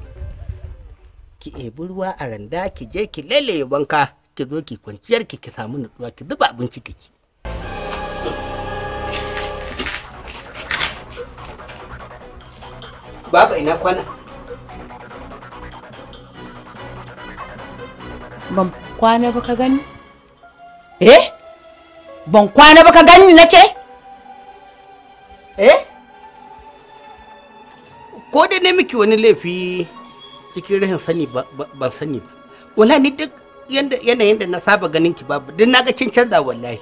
ki ebi ruwa a randa ki je ki lele wanka ki zo ki kwanciyar ki ki samu nutsuwa ki duba abinci ki ci Baba ina kwana ban kwana ba ka gani eh ban kwana ba ka gani na ce eh ko dai ne miki wani laifi cikin rahin sani ba ban sani ba wala ni duk yanayin da na saba ganin ki babu duk na ga canza wallahi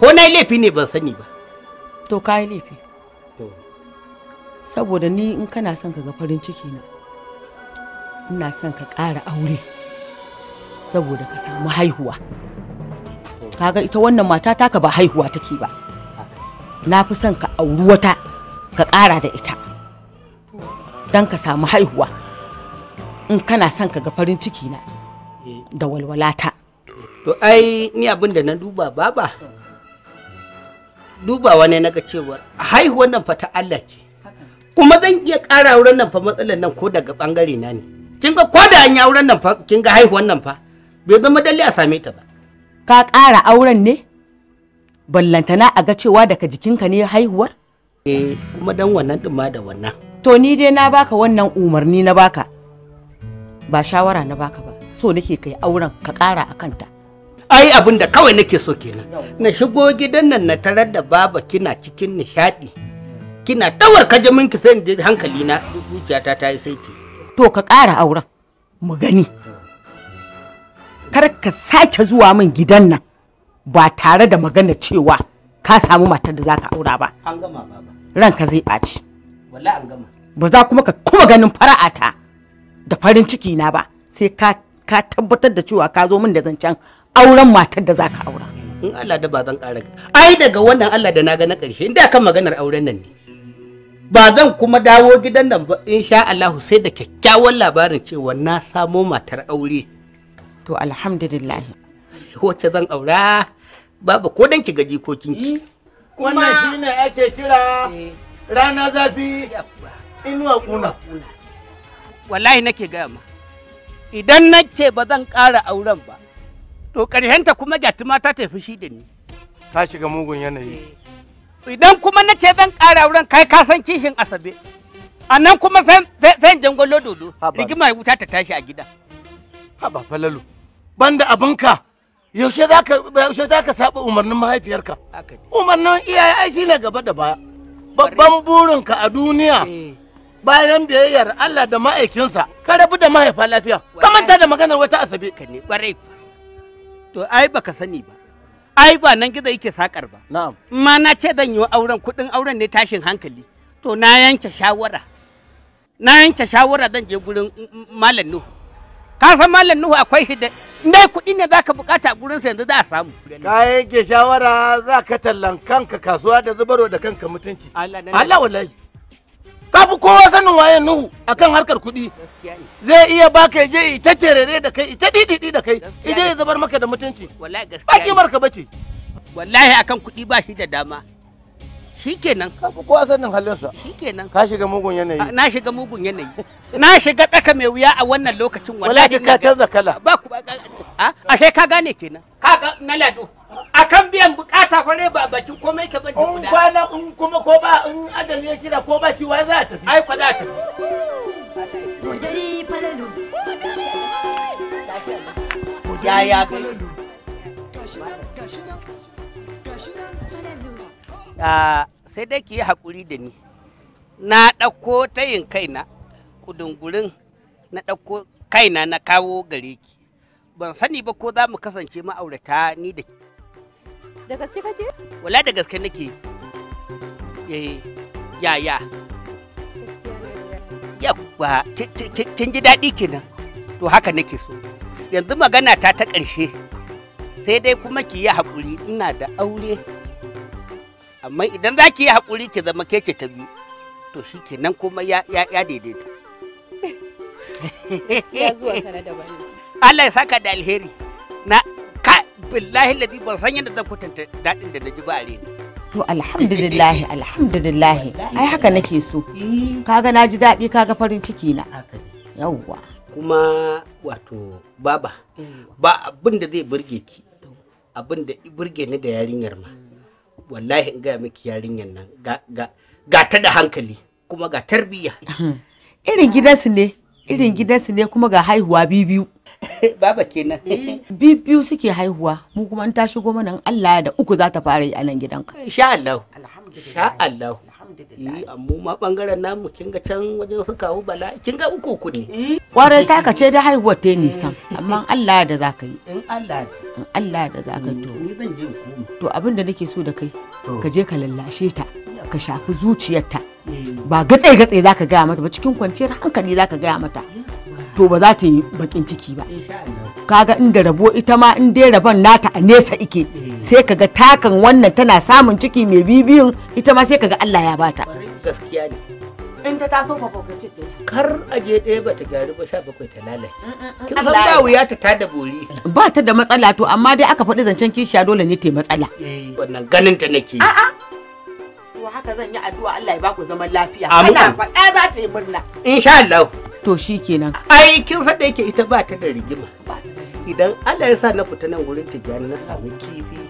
ko na yi laifi ne ban sani ba to ka yi laifi saboda ni in kana son ka ga farin ciki na ina son ka ƙara aure saboda ka samu haihuwa kaga ita wannan mata taka ba haihuwa take ba na fi son ka auri wata ka ƙara da ita don ka samu haihuwa in kana son ka ga farin ciki na da walwalata to ai ni abin da na duba baba dubawa ne naga cewar haihuwar nan fa ta Allah ce kuma zan iya ƙara wurin nan fa matsalar nan ko daga bangare na ne kin ga ko da an ya wurin nan fa kin ga haihuwar nan fa bai zama dalle a same ta ba ka ƙara auren ne ballantana a ga cewa daga jikinka ne haihuwar eh kuma dan wannan din ma da wannan to ni dai na baka wannan umarni na baka ba shawara na baka ba so nake kai auren ka kara a kanta ai abin da kawai nake so kenan na shigo gidan nan na tarar da baba kina cikin nishadi, kina tawar ka ki sai je hankali na zuciyata ta sai ce to ka ƙara auren mu gani kar ka sake zuwa min gidan nan ba tare da magana cewa ka samu matar da zaka aura ba an gama baba ranka zai ɓaci wallahi an gama ba za kuma ka kuma ganin fara'ata da farin ciki na ba sai ka ka tabbatar da cewa ka zo min da zancen auren matar da zaka aura in Allah da ba zan ƙara ai daga wannan Allah da naga na ƙarshe inda kan maganar auren nan ne ba zan kuma dawo gidan nan ba insha Allah sai da kyakkyawan labarin cewa na samo matar aure to alhamdulillah wacce zan aura babu ko dan ki gaji ko kinki eh, wannan shine ake kira eh. rana zafi inuwa kuna wallahi nake gaya ma idan na ce ba zan ƙara auren ba to ƙarshenta kuma gyatuma ta tafi shi da ni ta shiga mugun yanayi eh. idan kuma na ce zan ƙara auren kai ka san kishin asabe a nan kuma san jangolo dodo rigima wuta ta tashi a gida ba falalu banda abinka yaushe za ka yaushe za ka saba umarnin mahaifiyarka umarnin iyaye ai shine gaba da baya babban burinka a duniya eh. bayan biyayyar Allah da ma'aikinsa ka rabu da mahaifa lafiya kamanta da maganar wata asabe ka ne kwarai to ai baka sani ba ai ba nan gida yake sakar ba na'am ma na ce zan yi auren kudin auren ne tashin hankali to na yanke shawara na yanke shawara zan je gurin malam Nuhu ka san malam Nuhu akwai shi da dai kuɗi ne zaka bukata gurin sa yanzu za a samu ka yanke shawara za ka tallan kanka kasuwa da zubarwa da kanka mutunci Allah wallahi kafi kowa sanin waye nuhu akan harkar kuɗi zai iya baka je ita terere da kai ita didi da kai idan ya zubar maka da mutunci baki ka bace wallahi akan kuɗi ba shi da dama shikenan kafi kowa sanin halinsa shikenan ka shiga mugun yanayi na shiga mugun yanayi na shiga tsaka mai wuya a wannan lokacin wallahi ka canza kala ba ku a ah, ashe ka gane kenan ka ga na lado akan biyan bukata fa ne ba bakin komai ka bani guda in kwana in kuma ko ba in adali ya kira ko ba ciwa za ta tafi ai fa za ta gudari falalu ya ya falalu ah, sai dai ki yi haƙuri da ni na ɗauko tayin kaina kudungurin na ɗauko kaina na kawo gare ki ban sani ba ko za mu kasance ma'aurata ni da ki Da gaske kake? Wala da gaske nake. Eh, ya ya. Yawwa, kin ji daɗi kenan. To haka nake so. Yanzu magana ta ta ƙarshe. Sai dai kuma ki yi haƙuri ina da aure. Amma idan za ki yi haƙuri ki zama kece ta biyu. To shi kenan kuma ya daidaita. Ya zuwa tare da wani. Allah ya saka da alheri. Na ka billahi ladi ban san yadda zan kwatanta daɗin da na ji ba a reni to alhamdulillah alhamdulillah ai haka nake so eh. kaga na ji daɗi kaga farin ciki na yawwa kuma wato baba ba abin da zai burge ki abin da burge ni da yarinyar ma wallahi in gaya miki yarinyar nan ga ta da hankali kuma ga tarbiyya irin gidansu ne irin gidansu ne kuma ga haihuwa biyu baba kenan eh, bi biyu suke haihuwa mu kuma ta shigo mana Allah da uku za ta fara yi a nan gidanka insha eh, Allah insha Allah Eh amma ma bangaren namu kin ga can waje su kawo bala kin ga uku uku ne eh, kwarai ta ce da haihuwar ta nisan amma Allah da za ka yi in Allah in Allah da za ka to ni zan je in to abin da nake so da kai ka je ka lallashe ta ka shafi zuciyarta ba gatsai gatsai za ka gaya mata ba cikin kwanciyar hankali za ka gaya mata to ba za ta yi bakin ciki ba kaga inda rabo ita ma in dai rabon nata a nesa ike sai kaga takan wannan tana samun ciki mai bibiyun ita ma sai kaga Allah ya bata gaskiya ne in ta taso kwakwakwacin kar aje ɗaya ba ta gari ba sha bakwai ta lalace mm, mm, mm. kin san ba wuya ta tada bori ba ta da matsala to amma dai aka faɗi zancen kishiya dole ne ta matsala eh, wannan ganin ta nake a'a to haka zan yi addu'a Allah ya baku zaman lafiya ana faɗa za ta yi murna insha Allah to shi kenan ai kin san da ita ba ta da rigima idan Allah ya sa na fita nan gurin gani na samu kifi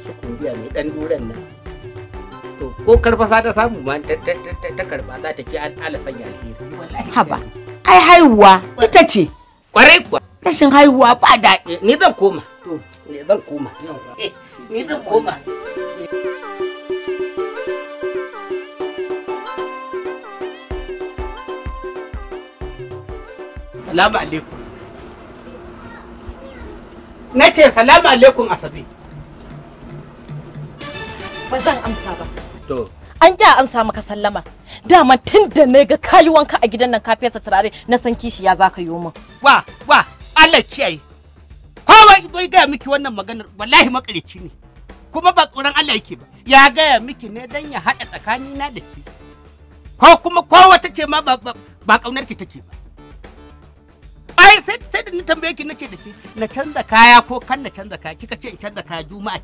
su kungiya mai dan duran nan to ko sa ta samu ma ta karba za ta ce an ala sanya alheri haba ai haihuwa ita ce kwarai kuwa rashin haihuwa ba daɗi eh, ni zan koma eh, ni zan koma eh, ni zan koma salamu alaikum na ce salamu alaikum asabe ba zan amsa ba to an ƙya amsa maka sallama dama tun da na ga kayi wanka a gidan nan ka fesa turare na san kishiya za ka yi min wa wa Allah kiyaye kowa zai gaya miki wannan maganar wallahi makarici ne kuma ba tsoron Allah yake ba ya gaya miki ne dan ya haɗa tsakanina da ke ko kuma kowa ta ce ma ba kaunar ki take ba ai sai sai da ni tambaye ki nace da ke na canza kaya ko kan na canza kaya kika ce in canza kaya juma'a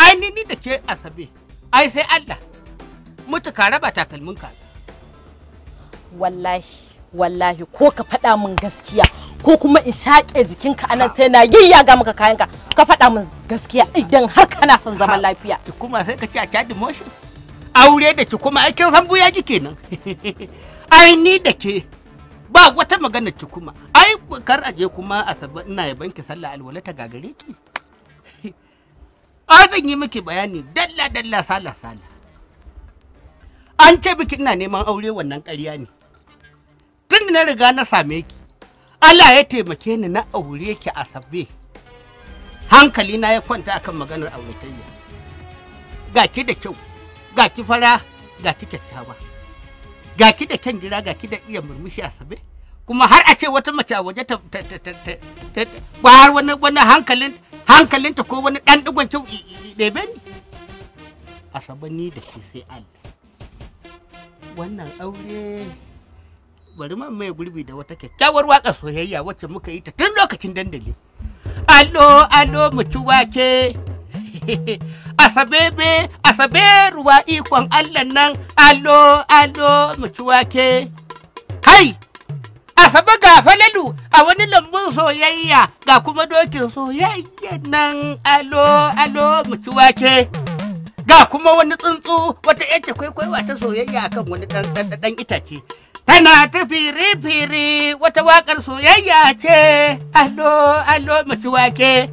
ai ni ni da ke asabe ai sai Allah mutu ka raba takalmin ka wallahi wallahi ko ka faɗa min gaskiya ko kuma in shaƙe jikinka anan sai na ga maka kayanka ka faɗa min gaskiya idan har kana son zaman lafiya kuma sai ka ci a cadi motion aure da ki kuma aikin sambu ya kenan ai ni da ke ba wata magana ki kuma ai kar aje kuma asabar ina ya banki sallah alwala ta gagare ki ai zan yi miki bayani dalla dalla sala sala an ce biki ina neman aure wannan ƙarya ne tun na riga na same ki Allah ya taimake ni na aure ki a asabe hankali na ya kwanta akan maganar auratayya ga ki da kyau ga ki fara ga ki kyakkyawa ga ki da kyan gida ga ki da iya murmushi a sabe kuma har a ce wata mace a waje ta ta ta ta ta ba har wani wani hankalin ta ko wani dan digon kyau ɗebe ni sabe ni da ke sai Allah wannan aure bari man mai gurbi da wata kyakkyawar waƙar soyayya wacce muka yi ta tun lokacin dandali allo allo mu ci wake asabebe asabe ruwa ikon allah nan allo allo mutuwa ke kai asabe ga falalu a wani lambun soyayya ga kuma dokin soyayya nan allo allo mutuwa wake ga kuma wani tsuntsu wata yace kwaikwaiwa ta soyayya kan wani dan itace tana ta firi-firi wata wakar soyayya ce allo allo muci wake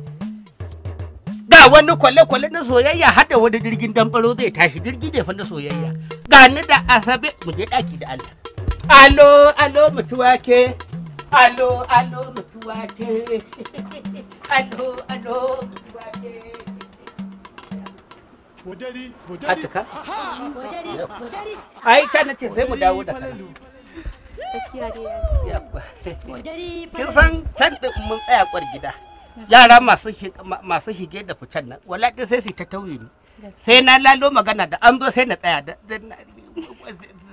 wani kwale-kwale na soyayya har da wani jirgin damfaro zai tashi jirgi ne fa na soyayya Gani da asabe mu je daki da Allah alo alo mutuwa ke alo alo mutuwa ke alo alo mutuwa ke Atika? Ai, ta na ce sai mu dawo da Gaskiya dai. Kin san can mun tsaya kwar gida. yara masu shige da ficen nan wala ɗin sai su ta tauye ni sai na lalo magana da an zo sai na tsaya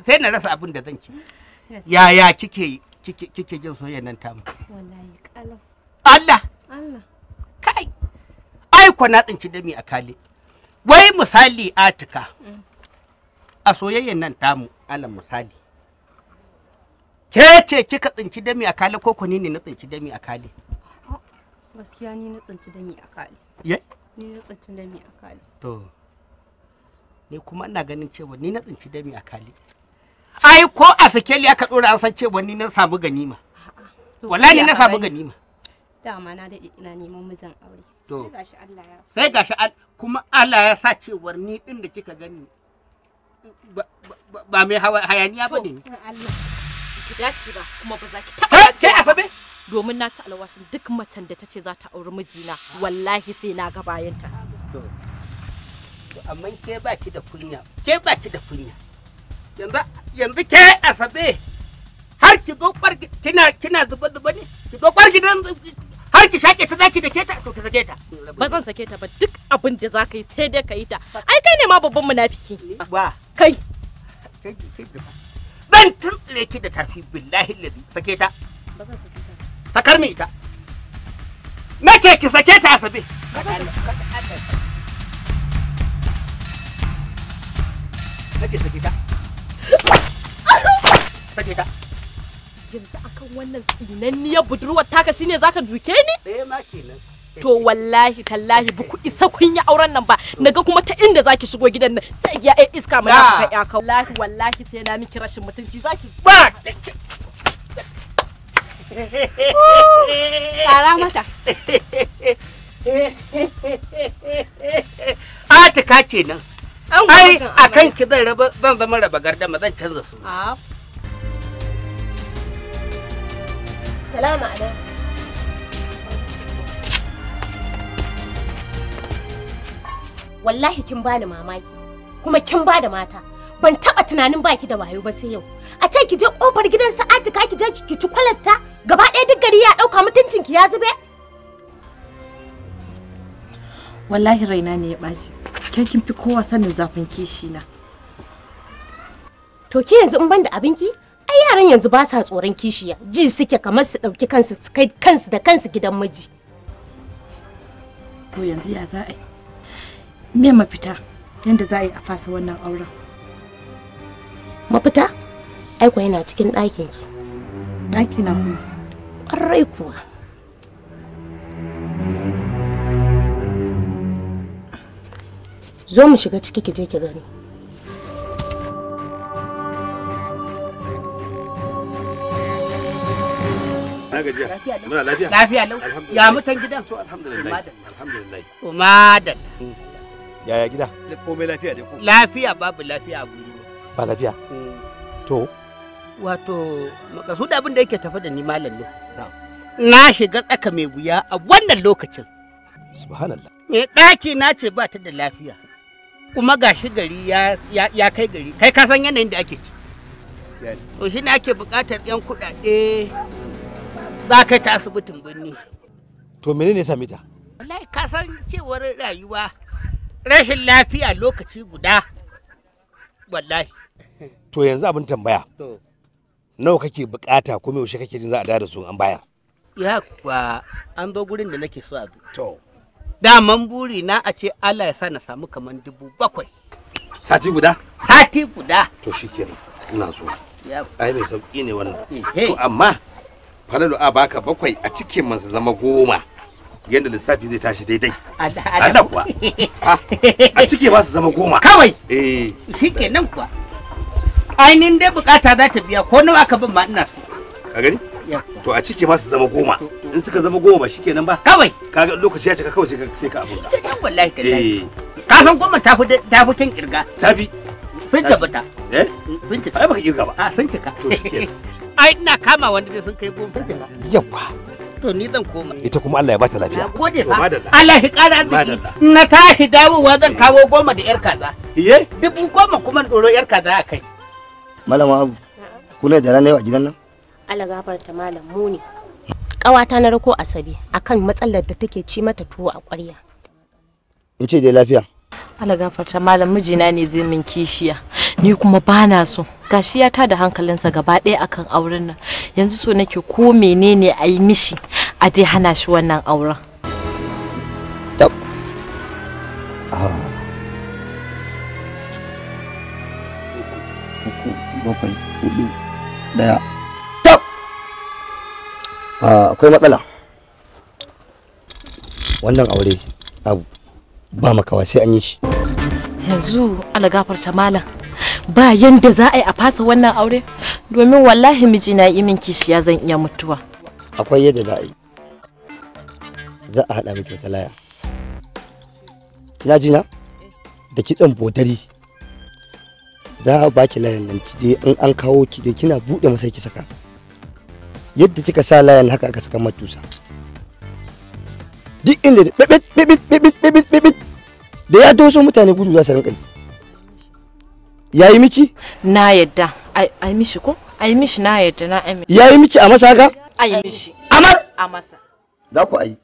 sai na rasa abin da zan ci yaya kike kike jin soyayya nan ta wallahi Allah Allah kai ai ko na tsinci dami a kale wai misali atika mm. a soyayyan nan ta mu alam misali ke ce kika tsinci dami a kale ko ko ne na tsinci dami a kale gaskiya ni na tsinci mi a kali ye ni na tsinci mi a kali to ni kuma ina ganin cewa ni na tsinci da mi a kali ai ko a liya aka dora an san cewa ni na samu ganima wallahi na samu ganima dama na dade ina neman mijin aure to sai gashi Allah ya kuma Allah ya sa cewar ni din da kika gani ba mai hayaniya ba ne ni ki dace ba kuma ba za ki taɓa ce asabe domin na ci alwashin duk macen da ta ce za ta auri mijina wallahi sai na ga bayanta amma ke ba ki da kunya ke ba ki da kunya yanzu yanzu ke asabe har ki zo barki kina kina zuba zuba ne ki zo barki dan har ki shake ta zaki da ke ta to ki sake ta ba zan sake ta ba duk abin da zaka yi sai dai ka yi ta ai kai ne ma babban munafiki eh, wa kai kai kai tun tuntsire ki da tafi billahi lazi sake ta ba zan sake ta sakar mi ita nace ki sake ta asabe nace sake ta sake ta yanzu akan wannan tsinanniya budurwar taka shine zaka duke ni eh ma kenan to wallahi tallahi buku ku isa kun yi auren nan ba naga kuma ta inda zaki shigo gidan nan sai iya eh, iska mai kai ya kawo wallahi wallahi sai na miki rashin mutunci zaki ba Tsara mata. Atika kenan. Ai a kan ki zan raba zan zama raba ma zan canza su. Ah. Salamu alaikum. Wallahi kin bani mamaki kuma kin ba da mata. Ban taba tunanin baki da wayo ba sai yau. a ce ki je kofar gidan sa'atika ki je ki ci kwalatta gaba ɗaya duk gari ya ɗauka mutuncin ki ya zube wallahi raina ne ya ɓaci ke kin fi kowa sanin zafin kishi na to ke yanzu in banda abinki ai yaran yanzu ba sa tsoron kishiya ji suke kamar su ɗauki kansu su kai kansu da kansu gidan miji to yanzu ya za a yi me mafita yanda za a yi a fasa wannan auren mafita aiko yana cikin ɗakin ki ɗaki na kuma ƙwarai kuwa zo mu shiga ciki ki je ki gani lafiya ya mutan gidan alhamdulillah yaya gida komai lafiya lafiya babu lafiya a guri ba lafiya mm. to wato makasu da abin da yake tafi da ni malam na shiga tsaka mai guya a wannan lokacin subhanallah me daki na ce ba ta da lafiya kuma gashi gari ya ya kai gari kai ka san yanayin da ake ci to shi ne buƙatar yan kuɗaɗe za kai ta asibitin birni to menene ya sami ta wallahi ka san cewar rayuwa rashin lafiya lokaci guda wallahi to yanzu abin tambaya nawa kake bukata kuma yaushe kake jin za a da su an bayar ya kuwa an zo gurin da nake so a to daman buri na a ce Allah ya sa na samu kaman dubu bakwai sati guda sati guda to shikenan ina so ai mai sauki ne wannan eh, to amma fara a baka bakwai a cikin masu su zama goma yadda lissafi zai tashi daidai a kuwa a cikin ba su zama goma kawai eh shikenan kuwa ainihin dai bukata za ta biya ko nawa aka bin ma ina so ka gani to a ciki ma su zama goma in suka zama goma ba shikenan ba kawai kaga lokaci ya cika kawai sai ka sai ka dan wallahi kallahi eh. ka san goma ta fi ta fi kin kirga ta fi sun ta bata eh sun ta ai baka kirga ba a sun cika to shikenan ai ina kama wanda zai sun kai goma sun cika yawa to ni zan koma ita kuma Allah ya bata lafiya gode fa Allah ya kara arziki na tashi dawowa zan kawo goma da yar kaza iye dubu goma kuma doro yar kaza a kai malama abu kuna da ranar a gidan nan ala gafarta malam mu ne ta na rako asabi akan matsalar da take ci mata tuwo a ƙwarya in ce dai lafiya ala gafarta malam mijina ne zai min kishiya ni kuma ba na so gashi ya tada hankalinsa gaba ɗaya akan auren nan yanzu so nake ko menene a yi mishi a dai hana shi wannan auren Ah. bakwai hudu daya tab ah, akwai matsala wannan aure abu ba makawa sai an yi shi yanzu alagafarta malam ba yanda za a yi a fasa wannan aure domin wallahi mijina min kishiya zan iya mutuwa akwai yadda za a yi za a haɗa miki wata laya ina jina da kitson bodari za a baki layan nan ki dai in an kawo ki dai kina bude masa ki saka yadda kika sa layan haka aka saka matusa duk inda bibit bibit bibit bibit bibit da ya doso mutane gudu za su rinka yi yayi miki na yadda ai mishi ko ai mishi na yadda na ai yayi miki a masa haka ai mishi a masa za ku ai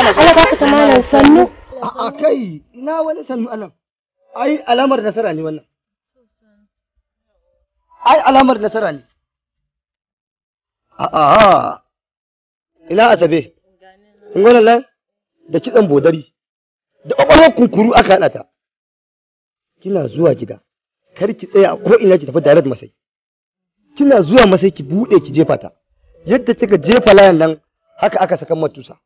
Allah ka fita malam sannu a kai ina wani sannu alam ai alamar nasara ne wannan ai alamar nasara ne a'a ina asabe kin gwanan nan da kitsan bodari da ƙwaƙwalwar kunkuru aka haɗa ta kina zuwa gida kar ki tsaya a ko'ina ki tafi direct masai kina zuwa masai ki buɗe ki jefa ta yadda kika jefa layan nan haka aka saka matusa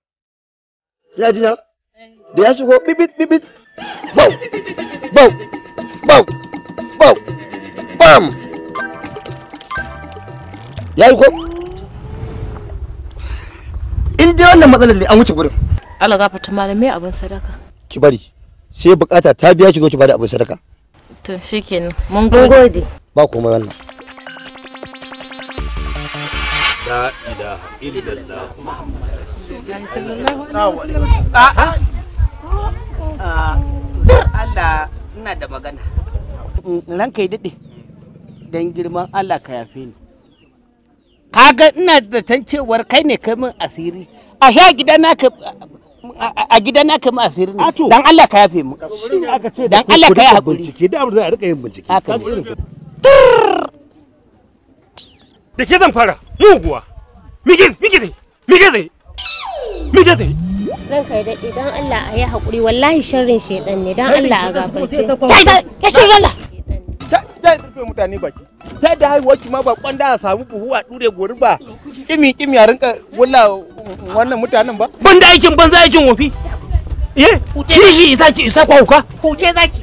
Kina jina? Da ya shigo bibit bibit. Bau! Bau! Bau! Bau! Bam! Ya yi ko? In dai wannan matsalar ne an wuce gurin. Allah gafarta malamai abin sadaka. Ki bari. Sai bukata ta biya ki zo ki bada abin sadaka. To shikenan. Mun gode. Ba komai wannan. La ilaha illallah Muhammad Allah ina da magana. Ranka ya daɗe, don girman Allah ka yafe ni. Kaga ina da cewar kai ne kai min asiri, a sha gida na ka a gida na kai min asiri ne. Dan Allah ka yafe mu. Dan Allah ka yi haƙuri. Bincike, da za a rika yin bincike. Haka ne. Da ke zan fara, muguwa. Miki, miki, miki zai. me ke ta yi ranka ya daɗe don Allah a yi haƙuri wallahi sharrin shaidan ne don Allah a gafarce ya ce Allah ta rufe mutane baki ta da haihuwar ki ma ba kwanda a samu buhu a dure gori ba kimi kimi a rinka wala wannan mutanen ba ban da aikin banza aikin wofi ye eh, kishi isa ki isa kwa huka huce zaki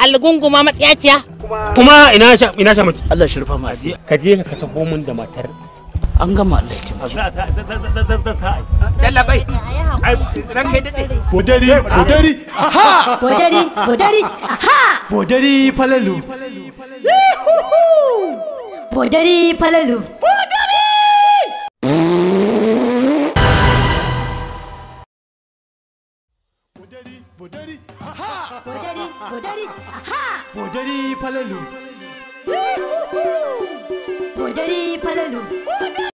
algunguma matsiyaciya kuma ina sha ina sha miki Allah shi rufa masi ka je ka tafi mun da matar an gama Allah ya taimake dalla bai ai ran kai dade bodari bodari aha bodari bodari aha bodari falalu bodari falalu bodari Bodari, aha! Bodari, bodari, Bodari Bodari